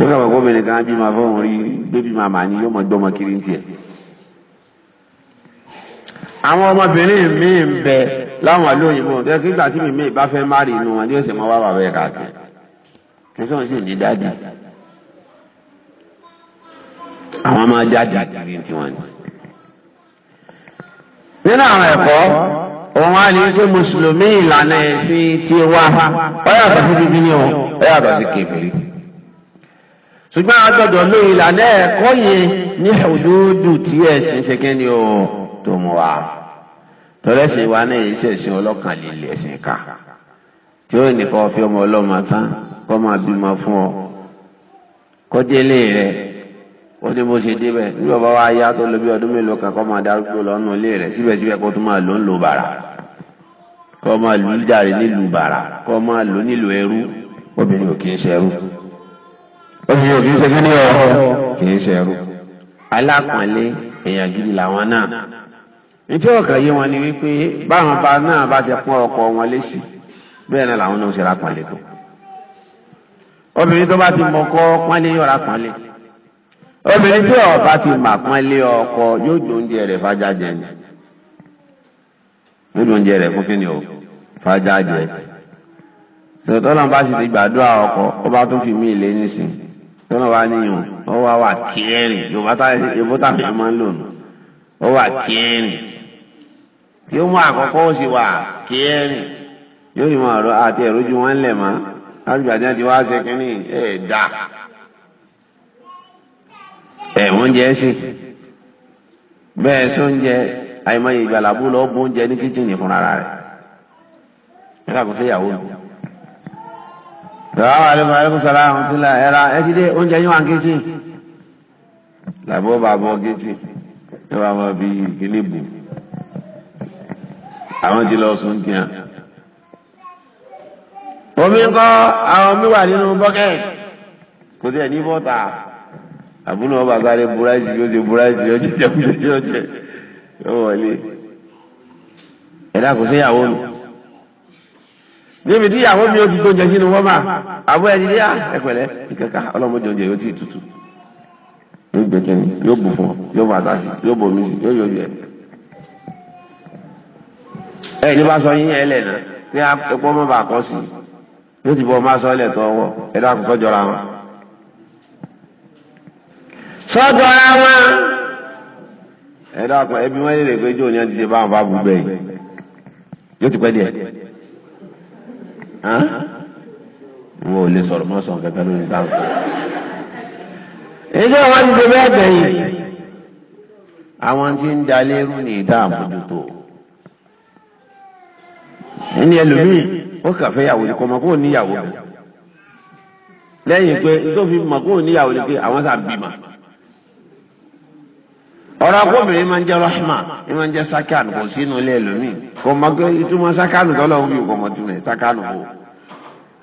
ó kà wọ́n gómìnà kan bí ma fọ́n rí bébí ma mà ní yóò mọ̀ gbọ́mọ kiri ń tiẹ̀. àwọn ọmọbìnrin míì ń bẹ láwọn àlú òyìnbó tẹ́ kí gbàtí mi míì bá fẹ́ má rí inú wọn ni ó sì mọ wá wà bẹ́ẹ̀ káàkiri kí sọ́n sì ní dáadáa àwọn máa jáde àjàre ti wọn ni. nínú àwọn ẹ̀kọ́ òun á ní pé mùsùlùmí ìlànà ẹ̀sìn ti wá ọ yàtọ̀ sí bíbí ni ọ ọ yàtọ̀ sí kébìrì. ṣùgbọ́n a gbọ́dọ̀ lo ìlànà ẹ̀kọ́ yẹn ní òdòdó tí ẹ̀sìn ṣe kẹ́ni ọ tó mú wa. tọ́lẹ́sìn wa náà yìí ṣẹ̀ṣin ọlọ́kàn ẹ̀sìn ká tí ó nìkan fi ọmọ ọlọ́mọ tán kọ́ máa bímọ fún ọ kọ́délé rẹ̀ ó dé bó ṣe débẹ̀ bí bàbá wa yá tó lọ bí ọdún mélòó kan kọ́ máa darúgbó lọ nù ilé rẹ̀ síbẹ̀síbẹ̀ kó tún máa lò ń lò bàrà kọ́ máa lù ú jàre nílùú bàrà kọ́ máa lò nílùú ẹrú obìnrin ò kì í ṣẹrú obìnrin ò kì í ṣe kíní ọ kì í ṣẹrú alápọ̀nlé èèyàn gidi làwọn náà nítorí ọ̀kan yé wọn ni wípé báwọn bá náà bá ṣe pọ́n ọkọ wọn léṣì bẹ́ẹ̀ náà làwọn náà ṣe ra pọ̀nlé tó obìnrin tí ọba ti mà pọn lé ọkọ yóò jó oúnjẹ rẹ̀ fájá jẹ yóò jó oúnjẹ o fájá jẹ bá ọkọ ó bá tún fi mí ilé nísìn tọ́lọ́n wá níyàn ó wá wà kẹrin yorùbá táyé yorùbá táwọn èèyàn máa ń lò nù ó wà kẹrin tí ó mú àkọ́kọ́ ó sì wà kẹrin yóò rí àti ẹ̀rọ wọn lẹ̀ ẹ̀wọ̀n jẹ́ sí bẹ́ẹ̀ sọ ń jẹ àìmọye ìgbàlábù lọ bó ń jẹ ní kíchìnì fúnra rẹ̀ nígbà kó fẹ́yàwó mi. sọ̀rọ̀ àlekún àlekún sọ̀rọ̀ àwọn tí là ẹ̀ra ẹ ti dé oúnjẹ yín wà ní kíchìnì. làbọ̀ bá bọ̀ kíchìnì ẹ bá bọ̀ bí ilé bù àwọn ti lọ sùn tiẹ̀. omi ń kọ́ àwọn mi wà nínú bọ́kẹ́tì kò tí ní bọ́tà àbúrò wọn bàbá rẹ búrájì yóò ṣe búrájì yóò jẹ jẹkújẹ yóò jẹ yóò wọlé ẹ̀dá kò séyàwó mi níbi tí ìyàwó mi ó ti gbóúnjẹ sínú wọn mà àbú ẹ ti dí ẹpẹ̀lẹ́ ìkẹkà ọlọmọdé oúnjẹ yóò ti tutù yóò gbẹkẹni yóò bù fún ọ yóò bù àtàsí yóò bù omi yóò yọ yẹ ẹ ní bá sọ yín ẹlẹ náà ní apọ mọba àkọsí yóò ti bọ ọmọ asọ ẹlẹ tó ọwọ́ ẹ̀dá kò sọjọra wọn sọ́dọ̀ ara wọn. ẹ dákun ẹbí wọn lè pé jóòní àti ṣe báwọn bá gbogbo ẹ yóò ti pẹ́ díẹ̀ wọn ò lè sọ̀rọ̀ mọ́ sọ̀rọ̀ kẹ́kẹ́ lórí táwọn. èyí sọ̀rọ̀ wọn ti ṣe bẹ́ẹ̀ bẹ̀yìn. àwọn tí ń dalérú ní ìdá àmójútó ẹni ẹlòmíì ó kà fẹ́ yàwó ni kò mọ̀ kó níyàwó lẹ́yìn pé tó fi mọ̀ kó níyàwó ni pé àwọn sà bímọ ọ̀rọ̀ akóbìnrin máa ń jẹ́ rahma ẹ máa ń jẹ́ sakan kò sínú ilé ẹlòmíì kò mọ pé ìtumọ̀ sakan tọ́lọ̀ ń bí kò mọ túmọ̀ ẹ̀ kò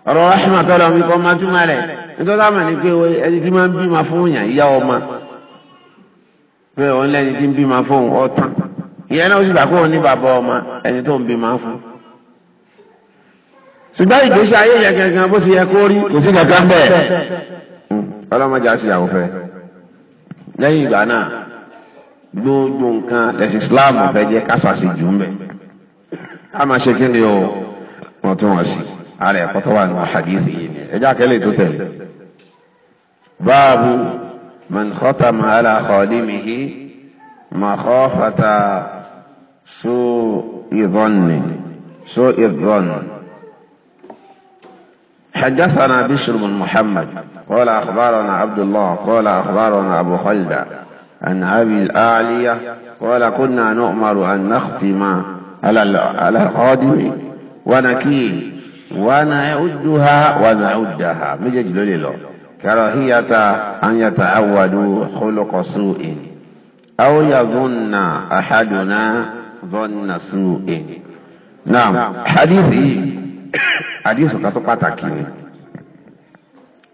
ọ̀rọ̀ rahma tọ́lọ̀ ń bí kò mọ túmọ̀ rẹ̀ nítorí àmọ̀ ni pé ẹni tí máa ń bímọ fún yàn ìyá ọmọ pé òun lẹ́ni tí ń bímọ fún ọ̀tán ìyẹn náà ó sì gbà kó òun ní bàbá ọmọ ẹni tó ń bímọ fún ṣùgbọ́n ìgbésí ayé yẹ gangan bó ti yẹ kó rí kò sí kankan bẹ́ẹ̀ ọlọ́mọdé àti ìyàwó fẹ́ lẹ́yìn ìgbà náà gbogbo nǹkan àtẹ̀sí islam fẹ́ jẹ́ kásàsì jù mẹ́ ká máa ṣe kí ni o wọ́n tún wọ́n sí ara ẹ̀kọ́ tó wà nínú àdìsí yìí ni ẹjọ́ akẹ́lẹ́ tó tẹ̀lé báàbù man khatama ala khalimihi makhafata su'i dhanni su'i dhanni حدثنا بشر بن محمد قال أخبرنا عبد الله قال أخبرنا أبو خلدة عن أبي الأعلية قال كنا نؤمر أن نختم على على القادم ونكيل ونعدها ونعدها مجد لله كراهية أن يتعودوا خلق سوء أو يظن أحدنا ظن سوء نعم حديثي حديث كتبتك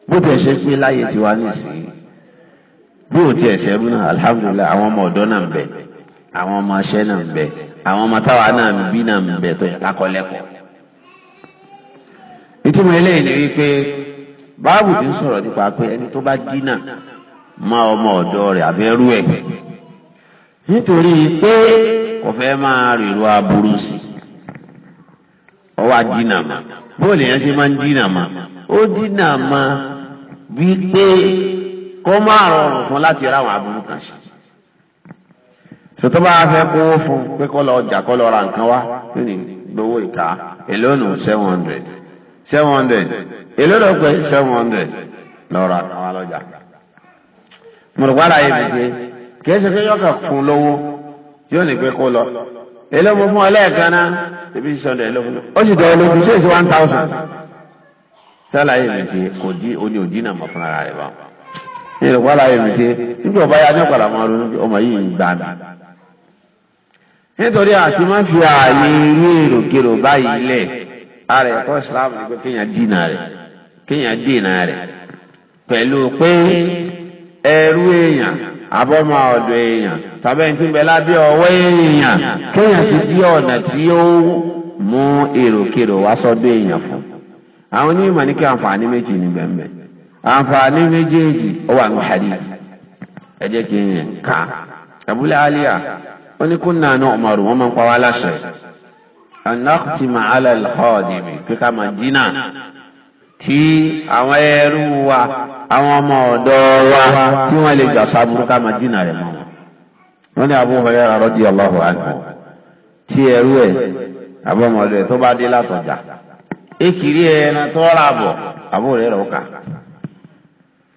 بوتي شيخ بلايتي ونسي bí ò tiẹ̀ ṣẹ́rú náà ọmọ ọdọ náà ń bẹ ọmọ aṣẹ náà ń bẹ àwọn ọmọ táwa náà ń bí náà ń bẹ tó yẹ lákọ́lẹ́kọ̀ọ́. ìtumọ̀ eléyìí ni wípé báàbù ti ń sọ̀rọ̀ nípa pé ọmọ ọdọ rẹ̀ àbẹ́rú ẹ̀ nítorí pé kò fẹ́ máa aburú sí mà bóòlù yẹn ṣe máa ń mà ó mà wípé. kó má rọrùn fún láti ra àwọn aburú kan ṣe sọtọ́ bá fẹ́ kówó fún pé kó lọ ọjà kó lọ ra nǹkan wá lónìí gbowó ìka èló seven hundred seven hundred èló lọ pé seven hundred lọ ra nǹkan wá lọ́jà mùrùgbára yìí mi ti kìí ṣe pé yọkà fún lówó yóò ní pé kó lọ èló fún ọ náà ebi six hundred ló fún sì dọ̀ọ́ lójú sí èsì one thousand sálàyé mi ti kò di oní òdì náà mọ̀ fúnra rẹ̀ báwọn. ìrọ̀pá láyé ya tiẹ̀ nígbà ọba ya ní ọ̀padà máa ronú ọma ọmọ yìí nítorí àti má fi ààyè irú èròkèrò báyìí lẹ̀ ara ẹ̀kọ́ Islam ni pé kéèyàn dínà rẹ̀ kéèyàn dínà rẹ̀ pẹ̀lú pé ẹrú èèyàn èèyàn ti di ọ̀nà tí ó mú èròkèrò wá sọ́dọ̀ èèyàn fún. àwọn onímọ̀ ní kí àǹfààní méjì ní bẹ́ẹ̀ Anfani méjèèjì ó wà ní hadith ẹ jẹ́ kí n yẹn ká abúlé aliya ó ní kúnnà náà ọmọrù wọn máa ń pa wá láṣẹ anáàkùtì mà á lẹ́lẹ́ mi dínà tí àwọn ẹrú wa àwọn ọmọ ọ̀dọ́ wa tí wọ́n lè gbà sábúrú ká dínà rẹ̀ mọ́ wọn. tí ẹrú tó bá dé látọjà Abu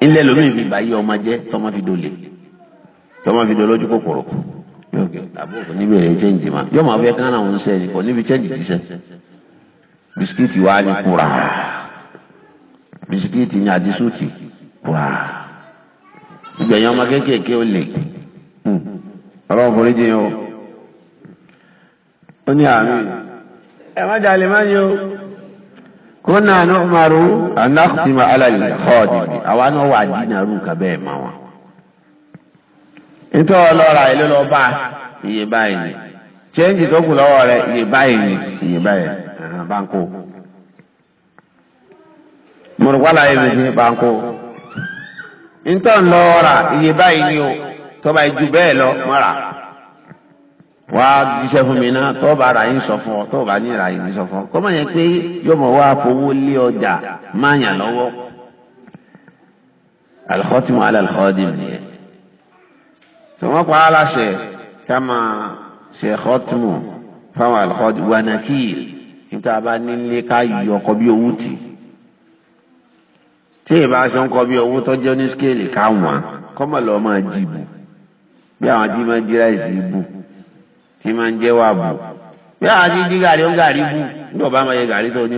ilé lomi fi bá yí ọmọ jẹ tọmọ fi dole tọmọ fi dole lójú kòkòrò àbúrò níbi èrè chẹ́ǹjì ma yọmọ afẹ́ kan náà ń sẹ́yìn kọ níbi chẹ́ǹjì ti sẹ́ bisikíìtì wa ni kura bisikíìtì ni àdísùtì kura ìgbẹ̀yìn ọmọ kéékèèké ó lè hmm. ọlọ́run forí jẹ́ yẹn o ó ní àmì ẹ̀ má jalè má yẹ o kónà nu'maru anáxtìmọ alàlẹ kọọdìmí àwa náà wà dínàrú nǹkan bẹ́ẹ̀ mọ wọn. nítorí ọlọ́ra ilé lọ bá iye báyìí ni chẹ́ǹjì tó kù lọ́wọ́ rẹ iye báyìí ni iye báyìí báńkò. mùrùkọ́lá yìí mi ti báńkò. nítorí ọlọ́ra iye báyìí ni o tọ́ba ìjù bẹ́ẹ̀ lọ mọ́ra wá jíṣẹ́ fún mi náà tó bá ra yín sọ fún ọ tó bá ní ra yín sọ fún ọ kọ́mọ yẹn pé yọmọ wá fowó lé ọjà máa yàn lọ́wọ́ alikọ́tìmù alalakọ́dìmù nìyẹn tó wọ́n pa á láṣẹ ká máa ṣe kọ́tìmù fáwọn alikọ́dìmù wa náà kí níta bá nílé ká yí ọkọ bí owó tì tí ìbá aṣọ ń kọ bí owó tọ́jú ní skéèlì káwọn kọ́mọ lọ́ọ́ máa jìbù bí àwọn jí máa jí ìbù. tí máa ń jẹ́ wà bí àwọn ti jí gàrí ó gàrí ọba máa yẹ gàrí tó ní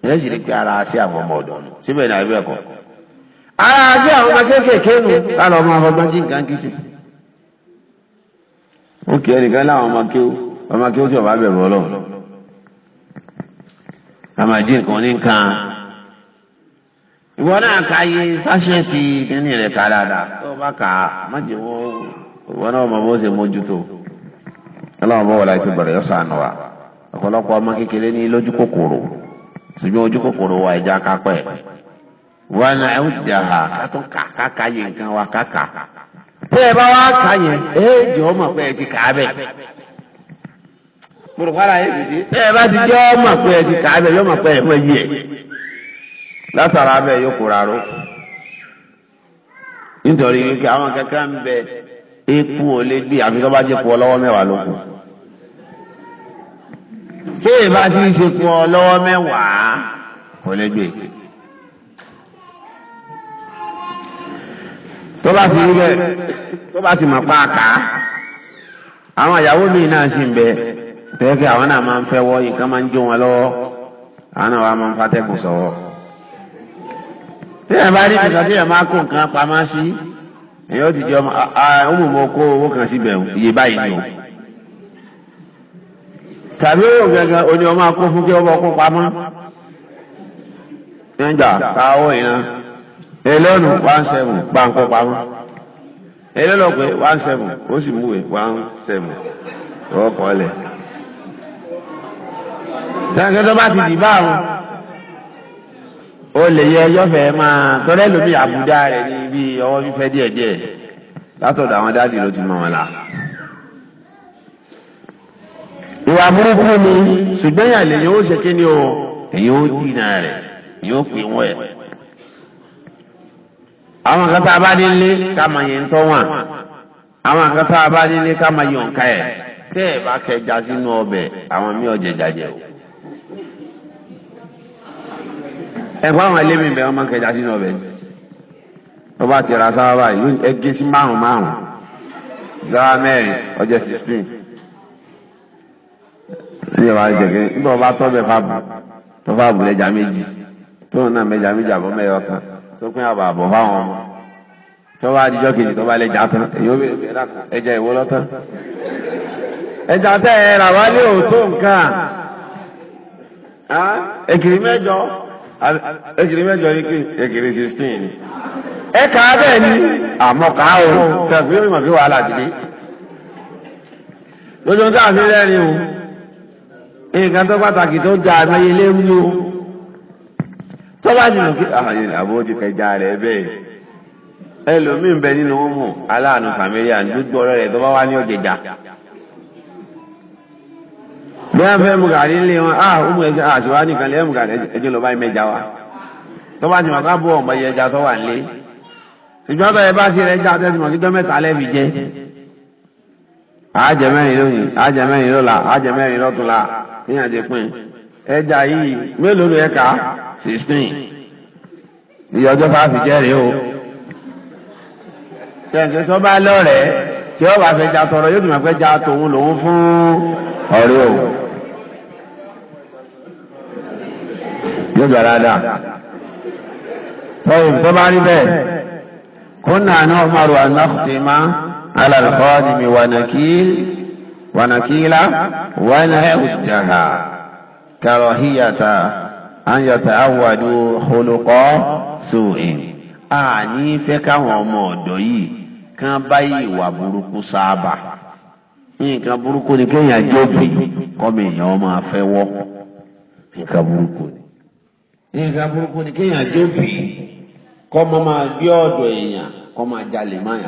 ẹ sì ara sí àwọn ọmọ ọ̀dọ́ síbẹ̀ ní ẹ̀kọ́ ara sí àwọn ọmọ kéékèèké nù kálọ̀ ọmọ ọgbọ́n jí nǹkan kìí ṣe. ó kí ẹnìkan láwọn ọmọ kí ó ọmọ kí ó ọba bẹ̀rù ọlọ́run àmà jí nǹkan ní nǹkan ìwọ náà ka yé sáṣẹ́ẹ̀tì kíní rẹ̀ ká dáadáa tó o bá kà á má jẹ́ wọ́n ìwọ náà ọlọ́run bọ́ wọlé àìtúbọ̀rẹ̀ yọ sànù wa ọ̀pọ̀lọpọ̀ ọmọ kékeré ní lójú kòkòrò ṣùgbọ́n ojú kòkòrò wa ẹja kápẹ́ wọn ẹ ń jà ha kátún kà káka yẹn nǹkan wa káka tẹ́ ẹ bá wá kà yẹn ẹ jẹ́ ọmọ pé ẹ ti kà á bẹ̀ mùrùkárà yẹn ti di tẹ́ ẹ bá ti jẹ́ ọmọ pé ẹ ti kà á bẹ̀ yọ ọmọ pé ẹ fẹ́ yí látara bẹ́ẹ̀ yóò kóra ró nítorí wípé àwọn kẹ̀kẹ́ ń bẹ eku ò lè di àfi tó bá jẹ́ ku ọlọ́wọ́ mẹ́wàá lókun. tí bá ti ń ṣe fún ọ lọ́wọ́ mẹ́wàá kò lè gbé. tó bá ti rí bẹ́ẹ̀ tó bá ti mọ̀ pa àká àwọn ìyàwó mi náà sì ń bẹ àwọn náà máa ń fẹ́wọ́ nǹkan máa ń jó wọn lọ́wọ́ àwọn náà wàá máa ń fatẹ́kùn sọ̀wọ́. tí bá rí nìkan tí máa mo iye báyìí ni tàbí òun gangan oní ọmọ akó fún kí ọmọ kó pamọ́ nígbà káwọ́ iná ẹlẹ́nu one seven gbàǹkó pamọ́ ẹlẹ́lọ́pẹ́ one seven ó sì múwèé one seven ọkọ̀ ọ̀lẹ̀ sẹ́ńkẹ́ tó bá ti dì báwọn o lè yẹ ẹjọ́ fẹ́ máa tọ́lẹ́ lómi àbúdá rẹ̀ ní bí ọwọ́ fífẹ́ díẹ̀díẹ̀ látọ̀dọ̀ àwọn dáàdì ló ti mọ̀ wọn la. ìwà burúkú ni ṣùgbọ́n yà lè yóò ṣe kíni o èyàn o dínà rẹ̀ yóò pín wọ̀ ẹ̀. àwọn kan tá a bá nílé ká máa yẹn tọ́ wọn àwọn kan tá a bá nílé ká máa yọ̀ ká ẹ̀ tẹ́ bá kẹja sínú ọbẹ̀ àwọn mí ọ̀jẹ̀ o. àwọn ilé mi bẹ̀ wọ́n máa kẹja sínú ọbẹ̀ tó bá ti ra sábà ẹ gé ní ìwà ìṣẹ̀kẹ́ nígbà ọba tọ́ bẹ̀ fà bù tó fà bù lẹ́jà méjì tó ń nà mẹ́jà méjì àbọ̀ mẹ́yọ kan tó pín àbọ̀ àbọ̀ fáwọn ọmọ tó bá dijọ́ kejì tó bá lẹ́jà tán èyí ó bẹ ẹja ìwọ lọ́tàn. ẹja tẹ ẹ rà wá lé òótọ́ nǹkan èkìrì mẹ́jọ èkìrì mẹ́jọ ni kí èkìrì sixteen ni ẹ kà á bẹ́ẹ̀ ni àmọ́ kà á o tẹ̀síwájú mọ̀ kí wàhálà ti dé lójoojúmọ́ àfi rẹ́rìn o nǹkan tó pàtàkì tó jà àmọye léwu o tó bá ti mọ̀ kí àyè ah, àbò ti kẹjà rẹ̀ bẹ́ẹ̀ ẹlòmíín bẹ nínú wọn mọ̀ aláàánú sàmíríà dúdú ọ̀rẹ́ rẹ̀ tó bá wà ní ọ̀jẹ̀jà bí wọ́n fẹ́ mú gàrí ńlẹ̀ wọn a ah, ó mú ẹsẹ̀ àṣewá ah, nìkan lẹ́yìn mú gàrí ẹjẹ́ ló bá yẹ mẹ́ja wa tó bá ti mọ̀ ká bọ̀ ọ̀mọ yẹ ẹja tó wà nílé ṣùgbọ́n tó yẹ bá ti rẹ̀ já tẹ́sí mọ̀ kí jọ́ mẹ́ta lẹ́bi lónìí àjẹmẹ́rin lọ́la àjẹmẹ́rin lọ́túnla ní àjẹpín ẹja yìí mélòó ló yẹ ká sixteen ìyá ọjọ́ fáfi jẹ́rìí o kẹ̀kẹ́ tó bá lọ́rẹ̀ẹ́ tí ó bá fẹ́ ja tọrọ yóò tún máa fẹ́ ja tòun lòun fún ọ̀rẹ́ o yóò gbà dáadáa tọ́yìn tó bá rí bẹ́ẹ̀ kó nàánú ọmọ rò ànáfùtì má alàlùfọ́ ni mi wà ونكيل والهوجها كراهية أن يتعودوا خلق سوء àní fẹ́ káwọn ọmọ ọ̀dọ́ yìí kán bá ìwà burúkú sábà nǹkan burúkú ni kéèyàn jóbi kọ́mọ èèyàn ọmọ afẹ́wọ́ nǹkan burúkú ni nǹkan burúkú ni kéèyàn jóbi kọ́mọ máa gbé ọ̀dọ̀ èèyàn kọ́mọ ajalè máa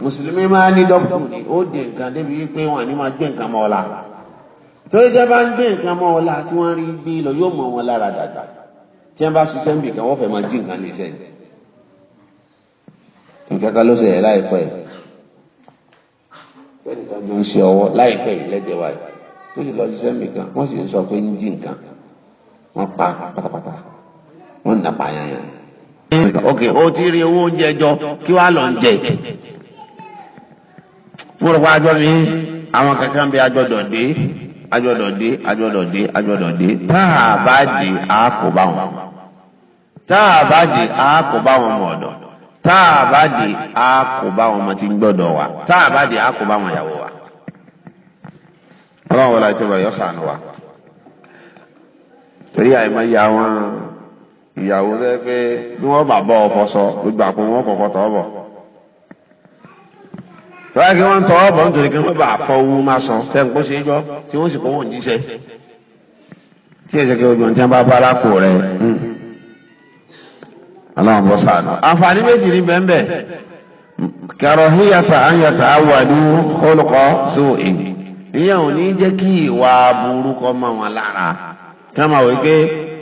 mùsùlùmí máa ní dọ́pù ni ó di nǹkan débi wípé wọn àní máa gbé nǹkan mọ́ ọ̀la torí jẹ́ bá ń gbé nǹkan mọ́ ọ̀la tí wọ́n rí gbé lọ yóò mọ wọn lára dàgbà tí wọ́n bá ṣiṣẹ́ níbi kan wọ́n fẹ́ máa jí nǹkan lè ṣe nǹkan kan ló ṣe yẹ láìpẹ́ ẹnìkan ló ń ṣe ọwọ́ láìpẹ́ yìí lẹ́jẹ̀ wa yìí tó sì lọ ṣiṣẹ́ níbi kan wọ́n sì ń sọ pé ń jí nǹkan wọ́n pa pátápátá wọ́n nà pààyàn yẹn. ok o ti rí owó oúnjẹ jọ kí wàá lọ jẹ mo rò pé àjọ mi àwọn kankan bí àjọdọ̀ dé àjọdọ̀ dé àjọdọ̀ dé àjọdọ̀ dé tá a bá dé a kò bá wọn tá tí ń gbọ́dọ̀ wa tá a bá dé a kò bá wọn yàwó wa. ọlọ́run wọlé àti ìbàdàn sànù wa torí àìmọ̀ ya wọn ìyàwó rẹ pé bí wọ́n bá bọ́ ọ fọṣọ gbogbo àpò wọn kọ̀ọ̀kan tọ́ bọ̀ tọ́lá kí wọ́n ń bọ̀ nítorí kí wọ́n bá fọ ohun máa sàn fẹ́ nǹkan ṣe é jọ tí wọ́n sì kó wọ́n jíṣẹ́ tí èsì kí ojú ọ̀ntẹ́ bá bá alákò rẹ̀ aláwọ̀ hmm. bọ́ sànù. àǹfààní méjì ní bẹ́ẹ̀ kẹrọ̀híyàtà àyàtà àwàdú kọlùkọ sóòè ìyẹn ò ní jẹ́ kí ìwà burúkọ mọ́ wọn lára kí wọ́n máa wọ pé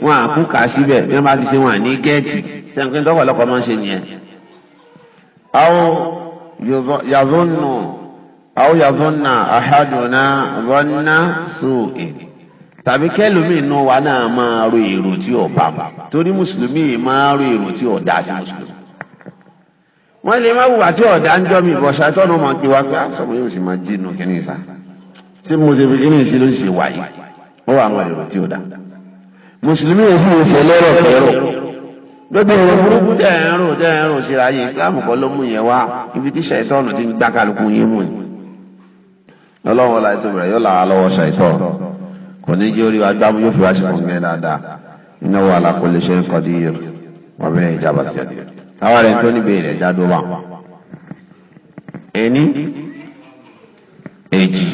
wọn àkúkà síbẹ̀ bí wọ́n bá ti ṣe wọn ní gẹ́ẹ̀tì sẹ́ńkì máa ń ṣe nìyẹn. àwọn يظن أو يظن أحدنا ظن سوء tàbí kẹlòmí náà wa náà máa ro èrò tí ò bá torí mùsùlùmí máa ro èrò tí ò dá sí mùsùlùmí wọn lè má wùwà tí ọ̀dà ń jọ mi bọ̀ ṣàtọ́nù máa pé yóò sì máa kínní tí mo ṣe fi kínní ló ṣe wáyé ó wà gbogbo ọ̀rọ̀ burúkú tẹ̀ ń rò tẹ̀ ń rò síra yìí islam kọ́ ibi tí ṣàìtọ́nù ti gbá kálukú yín mú ni. ọlọ́run ọ̀la ètò ìbẹ̀rẹ̀ yóò là á lọ́wọ́ kò ní jẹ́ orí wa gbámú yóò fi wá sí kọ̀ǹgẹ́ dáadáa inna wa ala kulli táwa rẹ̀ tó níbi ìrẹ̀ ẹni èjì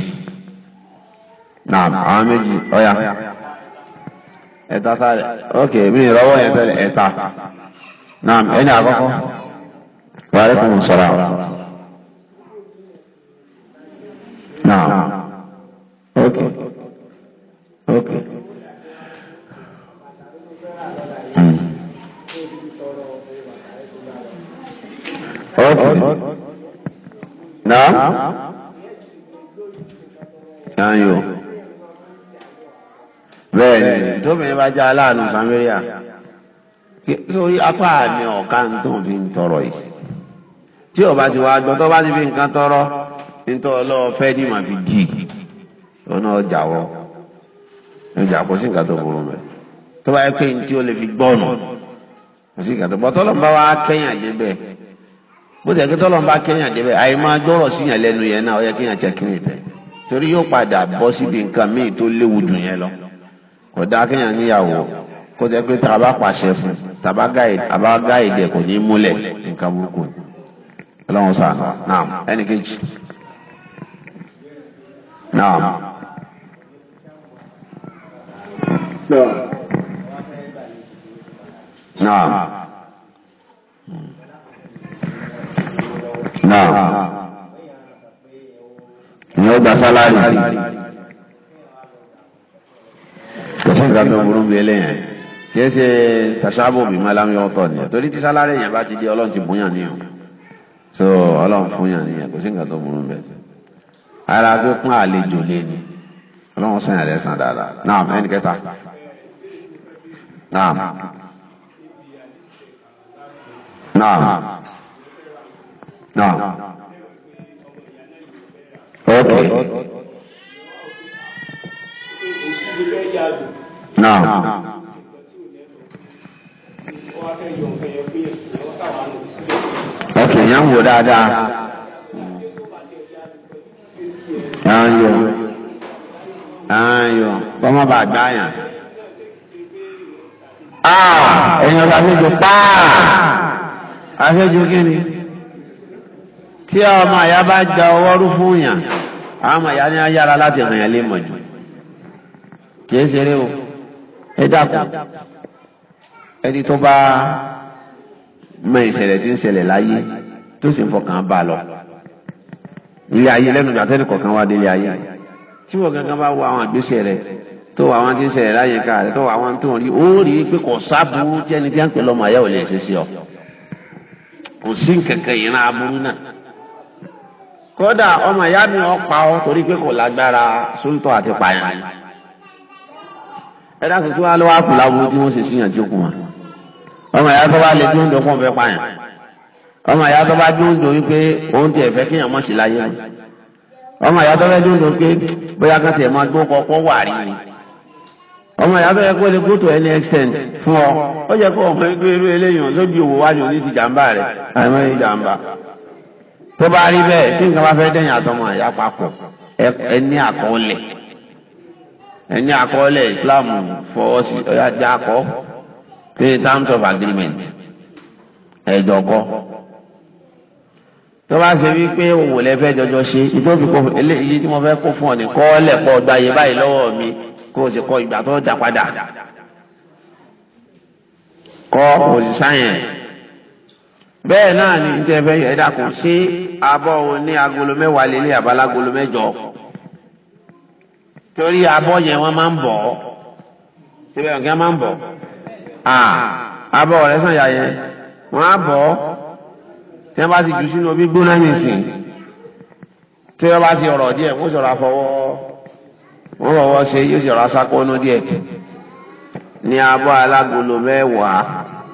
ẹ̀ta sáré ok mi ì rọwọ́ yẹn tẹ́lẹ̀ ẹ̀ta náà ẹni àkọ́kọ́ wàhálà kò mú sọ̀rọ̀ àwọn. náà ok ok. Okay. Now, can you? bẹ́ẹ̀ ni tóbìnrin bá jẹ́ aláàánú samaria sórí apá mi ọ̀ka ń tó fi ń tọrọ yìí tí o bá ti wá gbọ́ tó bá ti fi nǹkan tọrọ nítorí ọlọ́wọ́ fẹ́ ní màá fi dì í ọ̀nà ọjà wọ ọjà kò sí nǹkan tó burú mẹ́ tó bá yẹ pé ní tí o lè fi gbọ́nà kò sí nǹkan tó bọ́ tọ́lọ́ bá wá kẹ́yìn àjẹ́ bẹ́ẹ̀ bó ti yẹ kí tọ́lọ́ bá kẹ́yìn àjẹ́ bẹ́ẹ̀ àyè máa gbọ́rọ̀ sí yàn lẹ́nu yẹn náà ó yẹ kéèyàn check torí yóò padà bọ́ síbi nǹkan míì tó léwu dùn yẹn lọ kò dáa kéèyàn níyàwó kó jẹ́ pé tàbá pàṣẹ fún tàbá gáìdì ẹ̀ kò ní múlẹ̀ nǹkan burúkú ọlọ́run sàn náà ẹnì kejì náà. Naam. Naam. Ni ó sálárì kẹsàn-án kan tó burú bí eléyàn kìí ṣe tàṣàbò bí malam yọ ọtọ ni torí tí sálárì yẹn bá ti di ọlọ́run ti bùn yàn níyàn so ọlọ́run fún yàn níyàn kò sí nǹkan tó burú bẹ́ẹ̀ ara tó kún àlejò lé ni ọlọ́run sàn yàn lẹ́sàn dáadáa naam ẹnì kẹta naam naam naam ok. okay ti fẹ́ yá lò. náà ok yẹn ń wò dáadáa ayọ ayọ kọ́mọ́ bá gbá yàn ah! ẹ̀yin ọ̀sán àṣejù pàà àṣejù kí ni tí ọmọ àyà bá gba ọwọ́ rú fún yàn àwọn ọmọ àyà ni ayára láti rìn ẹ́ lé mọ̀jú kì í ṣeré o ẹ dákun ẹni tó bá mọ ìṣẹ̀lẹ̀ tí ń ṣẹlẹ̀ láyé tó sì ń fọkàn bá lọ ilé ayé lẹ́nu ìgbà tẹ́lẹ̀ kọ̀ọ̀kan wá délé ayé tí wọ́n gangan bá wo àwọn àgbésẹ̀ rẹ̀ tó wà àwọn tí ń ṣẹlẹ̀ láyé ká rẹ̀ tó wà àwọn tó ń rí ó rí i pé kò sábúrú tí ẹni tí wọ́n pè lọ́mọ ayé ò lè ṣe sí ọ kò sí nǹkankan ìran aburú náà kódà ọmọ ìyá mi ọ pa ọ torí pé kò lágbára sóńtọ́ àti pààyàn ẹ dákun kí wọn lọ wá kùlà burú tí wọn ṣe síyàn jókòó wọn ọmọ ìyá tó bá lè dún dùn fún ọfẹ pààyàn ọmọ ìyá tó bá dún dùn wípé òun tiẹ̀ fẹ́ kéèyàn mọ̀ sí láyé mi ọmọ ìyá tó fẹ́ dún dùn pé bóyá kan tiẹ̀ máa dún kọ́kọ́ wà rí ni ọmọ ìyá tó yẹ kó lè go to any extent fún ọ ó yẹ kó ọmọ ìgbé irú eléyàn lóbi òwò wájú ní ti jàǹbá rẹ àìmọ́ ní ní àkọọ́lẹ̀ ẹni àkọọ́lẹ̀ Islam fọwọ́ sí ọ̀yà jẹ́ akọ́ pé terms of agreement ẹ̀jọ̀ kọ́ tó bá ṣe wípé òwò lẹ́fẹ́ jọjọ ṣe ìtòbí kò eléyìí tí mo fẹ́ kó fún ọ ní kọ́ọ́lẹ̀ pọ̀ gba yẹ báyìí lọ́wọ́ mi kó o sì kọ ìgbà tó dà padà kọ́ òṣìṣẹ́ yẹn bẹ́ẹ̀ náà ni ní tẹ́ fẹ́ yẹ ẹ̀dá sí abọ́ òní agolo mẹ́wàá lélẹ̀ àbálá mẹ́jọ torí abọ́ yẹn wọ́n máa ń bọ̀ ọ́ síbẹ̀ ọ̀gá máa ń bọ̀ abọ́ rẹ̀ sàn yà yẹn wọ́n á bọ̀ ọ́ tí wọ́n bá ti jù sínú omi gbóná nìsín tí wọ́n bá ti ọ̀rọ̀ díẹ̀ wọ́n sọ̀rọ̀ àfọwọ́ wọ́n fọwọ́ ṣe yóò sọ̀rọ̀ asákọ́nú díẹ̀ ní abọ́ alágolo mẹ́wàá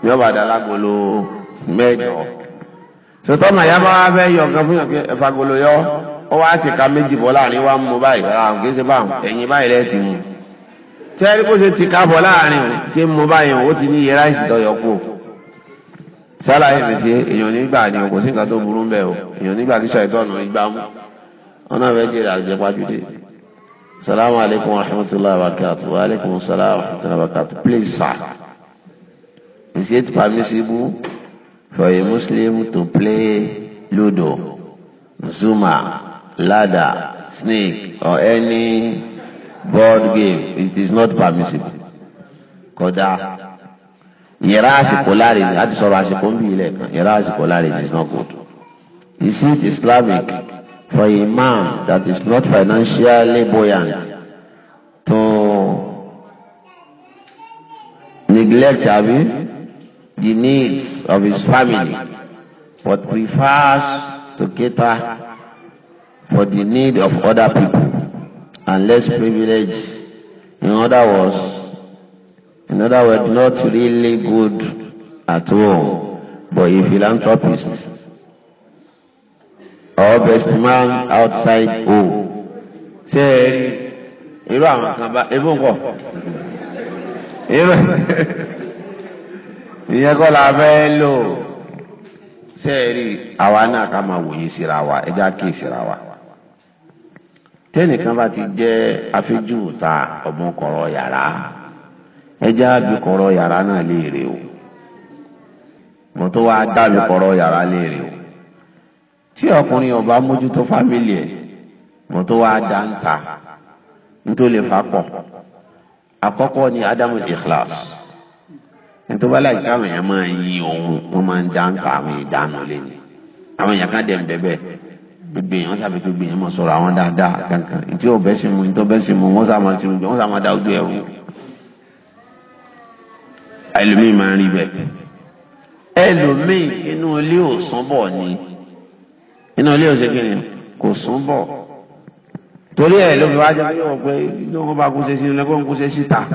ní ọba àdá alágolo mẹ́jọ sọtọ́ màyá bá wá fẹ́ yọ̀ kan fún yọ̀ ẹ̀fagolo yọ ó wá ti ka méjì bọ́ láàrin wa ń mu báyìí ara ah, àwọn kìí ṣe báwọn ẹ̀yìn báyìí lẹ́ẹ̀ ti mu tẹ́lẹ̀ bó ṣe ti ká bọ́ láàrin tí ń báyìí ó ti ní iye ráìsì dọ̀yọ̀ kú sálàyé mi ti èèyàn nígbà ni kò sí nǹkan tó burú bẹ́ẹ̀ o èèyàn nígbà tí ṣàìtọ́nù ìgbà mú ọ̀nà ìfẹ́ jèrè àjẹpájúdé. Salamu alaikum warahmatullahi wabarakatuh. Wa alaikum salam warahmatullahi wabarakatuh. Please, sir, is it permissible for a Muslim to play Ludo, Zuma, ladder, snake, or any board game, it is not permissible. Kódà yẹra àsìkò láre ni láti sọ̀rọ̀ àsìkò ń bí ilẹ̀ kan yẹra àsìkò láre ni is not good. Is it Islamic for a man that is not financially buoyant to neglect abi the needs of his family but prefers to cater for the need of other people and less privilege. In other words, in other words, not really good at all, but a philanthropist or best man outside home. Ṣé ẹ rí irú àwọn kan bá ebó ń pọ̀? Irú ìyẹn kọ́ la fẹ́ lò. Ṣé ẹ rí àwa náà ká máa wòye síra wa, ẹ já kí ìsira wa. kan bá ti jẹ́ afẹ́júwòta ọ̀bùn yàrá ẹjẹ́ àbí yàrá náà léèrè o mo tó wá dábì yàrá léèrè o tí ọkùnrin ọba mójútó fámìlì ẹ̀ mo tó wá dá ń ta nítorí lè ni Adamu ikhlas máa ń yí òun máa ń dá ń ta àwọn lẹ́nu àwọn dẹ̀ ń gbogbo èèyàn sábẹ gbogbo èèyàn máa sọ̀rọ̀ àwọn dáadáa kankan ìtí ò sí mu ìtọ́ sí mu wọ́n sá máa sinmi jọ wọ́n sá da ojú ẹ̀rù ẹlòmíì máa ń rí bẹ́ẹ̀ ẹlòmíì inú ilé ò sán bọ̀ ni inú ilé ò ṣe kí ni kò sán bọ̀ torí ẹ̀ ló fi wá jẹ́ pé ọ̀pẹ ní wọ́n bá kó ṣe sí ilé kó ṣe síta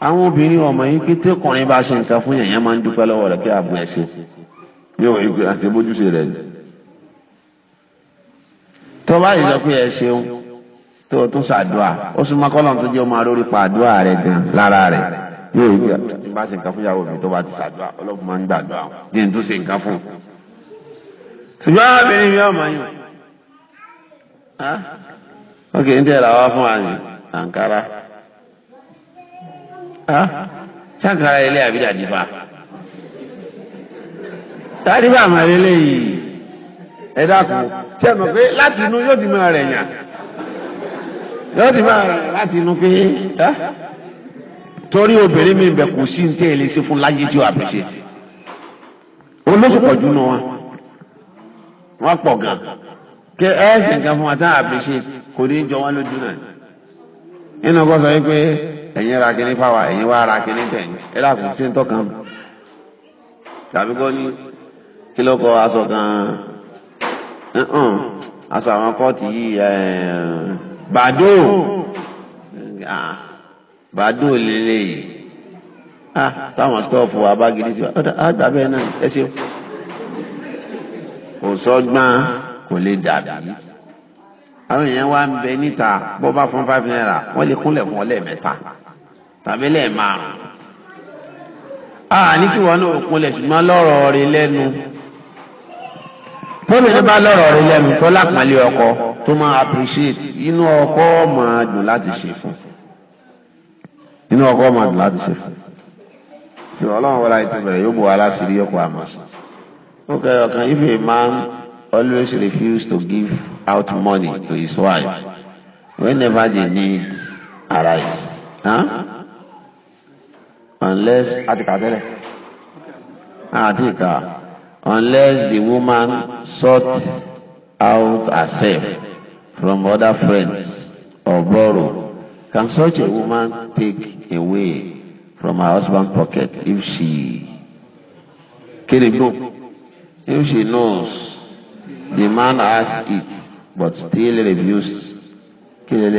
àwọn obìnrin ọmọ yìí pé tẹ́kùnrin bá ṣe nǹkan fún yẹn yẹn máa ń dúpẹ́ lọ́wọ́ rẹ̀ pé àbọ̀ ẹ̀ ṣe yóò ìgbà àti bójúṣe rẹ̀ ni tó bá yìí sọ pé ẹ ṣeun tó o tún ṣàdúà ó súnmọ́ kọ́lọ́n tó jẹ́ ọmọ lórí pa àdúà rẹ̀ gan lára rẹ̀ yóò rí bíi tí bá ṣe nǹkan fún ìyàwó mi tó bá ti ṣàdúà ọlọ́run máa ń gbàdúà ní n tó ṣe nǹkan fún un. ṣùgbọ́n abìnrin mi ọmọ yìí ok n tẹ̀ ra wá fún àyè àǹkárá ṣàǹkárá ilé àbí dàdífà dàdífà àmọ́ eléyìí ẹ dákun tí ẹ mọ̀ pé láti inú yóò ti máa rẹ̀ yàn yóò ti máa rẹ̀ láti inú pé ẹ torí obìnrin mi bẹ̀ kò sí ní tẹ́ ẹ lè ṣe fún láyé tí ó appreciate olóṣùpọ̀ jù nù wọn wọn pọ̀ gan kí ẹ ṣe nǹkan fún wa tán appreciate kò ní jọ wọn lójú náà nínú kọ́ sọ wípé ẹ̀yin ra kínní fáwa ẹ̀yin wá ra kínní tẹ̀yìn ẹ dákun tí ń tọ́ kan tàbí kọ́ ní kí ló kọ aṣọ kan aṣọ àwọn kọ́ọ̀tì yìí bàdó bàdó lélẹ̀ yìí táwọn stọ́ọ̀fù abágídí sí àgbà bẹ́ẹ̀ náà ẹ ṣeun kò sọ́gbọ́n kò lè dàbí àwọn èèyàn wá ń bẹ níta bó bá fún five naira wọ́n lè kúnlẹ̀ fún ọ lẹ́ẹ̀mẹ́ta tàbí lẹ́ẹ̀márùn-ún. Ah, a ní kí kúnlẹ̀ ṣùgbọ́n lọ́rọ̀ rẹ lẹ́nu tóbìnrin bá lọ́rọ̀ rẹ lẹ́nu tó lápàlẹ́ ọkọ tó máa appreciate inú ọkọ máa dùn láti ṣe fún inú ọkọ máa dùn láti ṣe fún ṣe ọlọ́run wọlé àti bẹ̀rẹ̀ yóò bu aláṣìírí ọkọ àmọ́ ó kẹ́rọ kan if a man always refuse to give out money to his wife whenever they need arise huh? unless àti kàtẹ́lẹ̀ àti kàtẹ́lẹ̀ unless the woman sought out herself from other friends or borrow. Can such a woman take away from her husband's pocket if she kill No. If she knows the man has it but still refused kill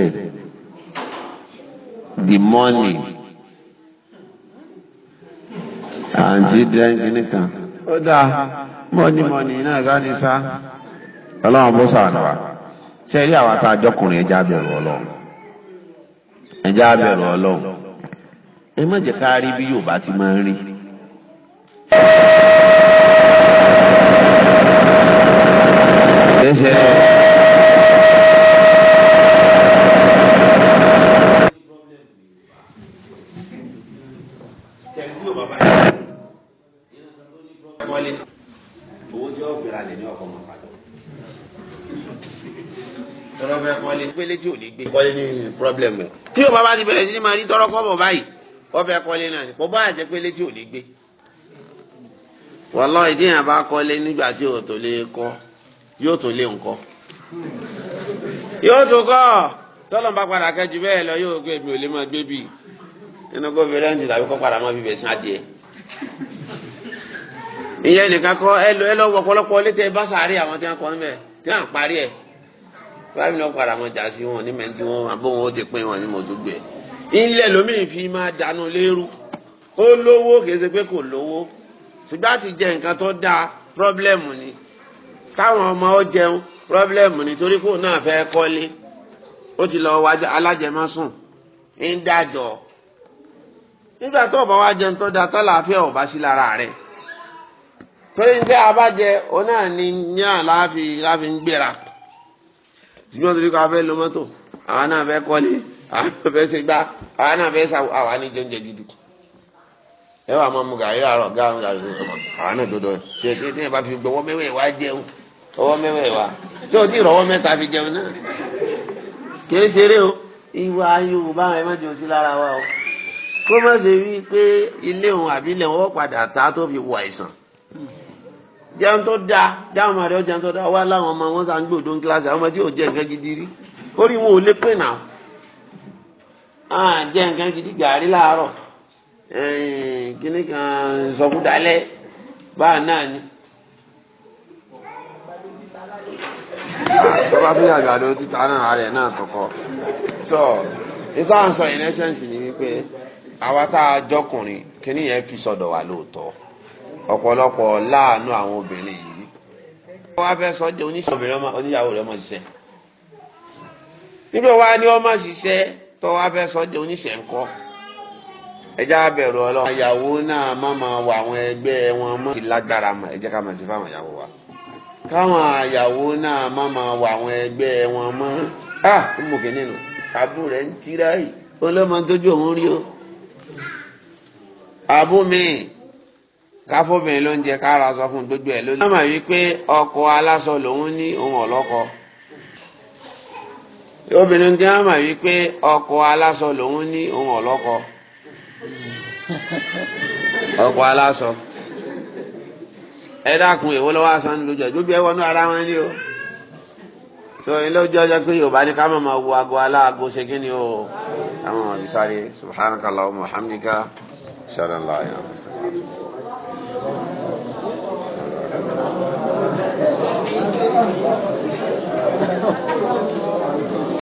the money and children can. ó dáa mọ́nìmọ́nì náà gáàdì sá ọlọ́run bó sàánù wa ṣe rí àwọn tá a jọkùnrin ẹja bẹ̀rù ọlọ́run ẹja bẹ̀rù ọlọ́run ẹ má jẹ́ ká rí bí Yorùbá ti máa ń rí. ẹ tí ò lè gbé. kọ́lé ní pírọ́blẹ̀mù ẹ̀. tí o bàbá ti bẹ̀rẹ̀ sí ni máa ní tọrọ kọ́bọ̀ báyìí ọbẹ̀ kọ́lé náà kò bá àjẹ́ pé létí ò lè gbé. wàlọ́ ìdíyàn bá kọ́lé nígbà tí o tó lè kọ́ yóò tó lé nǹkọ́. yóò tó kọ́ tọ́lọ̀ bá padà kẹ́jú bẹ́ẹ̀ lọ yóò gbé mi ò lè máa gbé bì nínú kó fi rẹ́ǹtì tàbí kó padà máa fi bẹ̀ sí adìẹ. ìyẹn nìkan kọ́ ẹ lọ ọ̀pọ̀lọpọ̀ létí ẹ bá sàárè àwọn tí wọ́n kọ́ níbẹ̀ tí wọ́n parí ẹ̀ fáwọn náà padà mọ jásí wọn ní mẹ́tí wọn àbọ̀ wọn ó ti pín wọn ní mọ̀dúgbò ẹ̀ ilẹ̀ lómi fi máa dànù lérú ó lówó kìí pé kò lówó ṣùgbọ́n àti jẹ nǹkan tó dáa pírọ́blẹ́mù ni káwọn ọmọ ó jẹun pírọ́blẹ́mù ni torí kò náà fẹ́ kọ́lé ó ti lọ wá alájẹmọ́sùn ń dájọ́ nígbà tó o bá wá jẹun tó dáa tọ́láfíà ò bá sí lára rẹ̀ torí ní abájẹ òun náà ní ní àláfi láfi ń gbéra ṣùgbọ́n torí kọ́ afẹ́ lo mọ́tò àwọn náà fẹ́ kọ́lé àwọn náà fẹ́ ṣe gbá àwọn náà fẹ́ ṣàwọ̀ àwọn ní jẹunjẹ gidi ẹ wà máa mu gàrí àárọ̀ gáàrún gàrí àwọn náà dodo ṣe ṣe tí ẹ bá fi gbọwọ́ wa, wá jẹun ọwọ́ mẹ́wẹ́ wá tí o ti rọwọ́ mẹ́ta fi jẹun náà kì í ṣeré o ìwà Yorùbá ẹ má jẹ òsì lára wa o kó má ṣe wí pé ilé òun àbílẹ̀ wọn padà ta tó fi wọ àìsàn jẹun tó dáa jẹun ọmọ rẹ jẹun tó dáa wá láwọn ọmọ wọn sá ń gbòdo ń kíláàsì àwọn ọmọ tí yóò jẹ nǹkan gidi rí orí wọn ò lè pè náà à jẹ nǹkan gidi gàrí láàárọ̀ kíní kan sọkúdalẹ báà náà ni. tó bá fi àgbàdo títa náà rẹ̀ náà tọkọ sọ ìtàn sọ ìrẹsẹ̀ ń wípé àwa tá a jọkùnrin kíní yẹn fi sọ̀dọ̀ wà lóòótọ́. ọ̀pọ̀lọpọ̀ láàánú àwọn obìnrin yìí. wọ́n á fẹ́ sọ jẹ́ oníṣẹ́ obìnrin oníyàwó rẹ̀ ṣiṣẹ́. ni ọmọ ṣiṣẹ́ tó wá fẹ́ sọ oníṣẹ́ ńkọ́. ẹja bẹ̀rù ọlọ́run. náà àwọn ẹgbẹ́ wọn mọ́. lágbára ká máa ṣe fáwọn wa. káwọn náà má máa wọ àwọn ẹgbẹ́ wọn mọ́. a mú kínní nù àbú rẹ̀ ń yìí o. àbú káfọ́bìnrin ló ń jẹ kára sọ fún gbogbo ẹ̀ lónìí. ọmọ yìí pé ọkọ aláṣọ lòun ní òun ọlọ́kọ. obìnrin kí wọ́n mọ̀ yìí pé ọkọ aláṣọ lòun ní òun ọlọ́kọ. ọkọ aláṣọ. ẹ dákun èwo lọ́wọ́ aṣọ ń lójọ gbogbo ẹ wọnú ara wọn ni o. tó ilé ojú ọjọ́ pé yorùbá ní ká máa wo aago aláago ṣe kí ni o. àwọn ọ̀bí sáré subhanakallahumma wa hamdika. Shada Allah ya.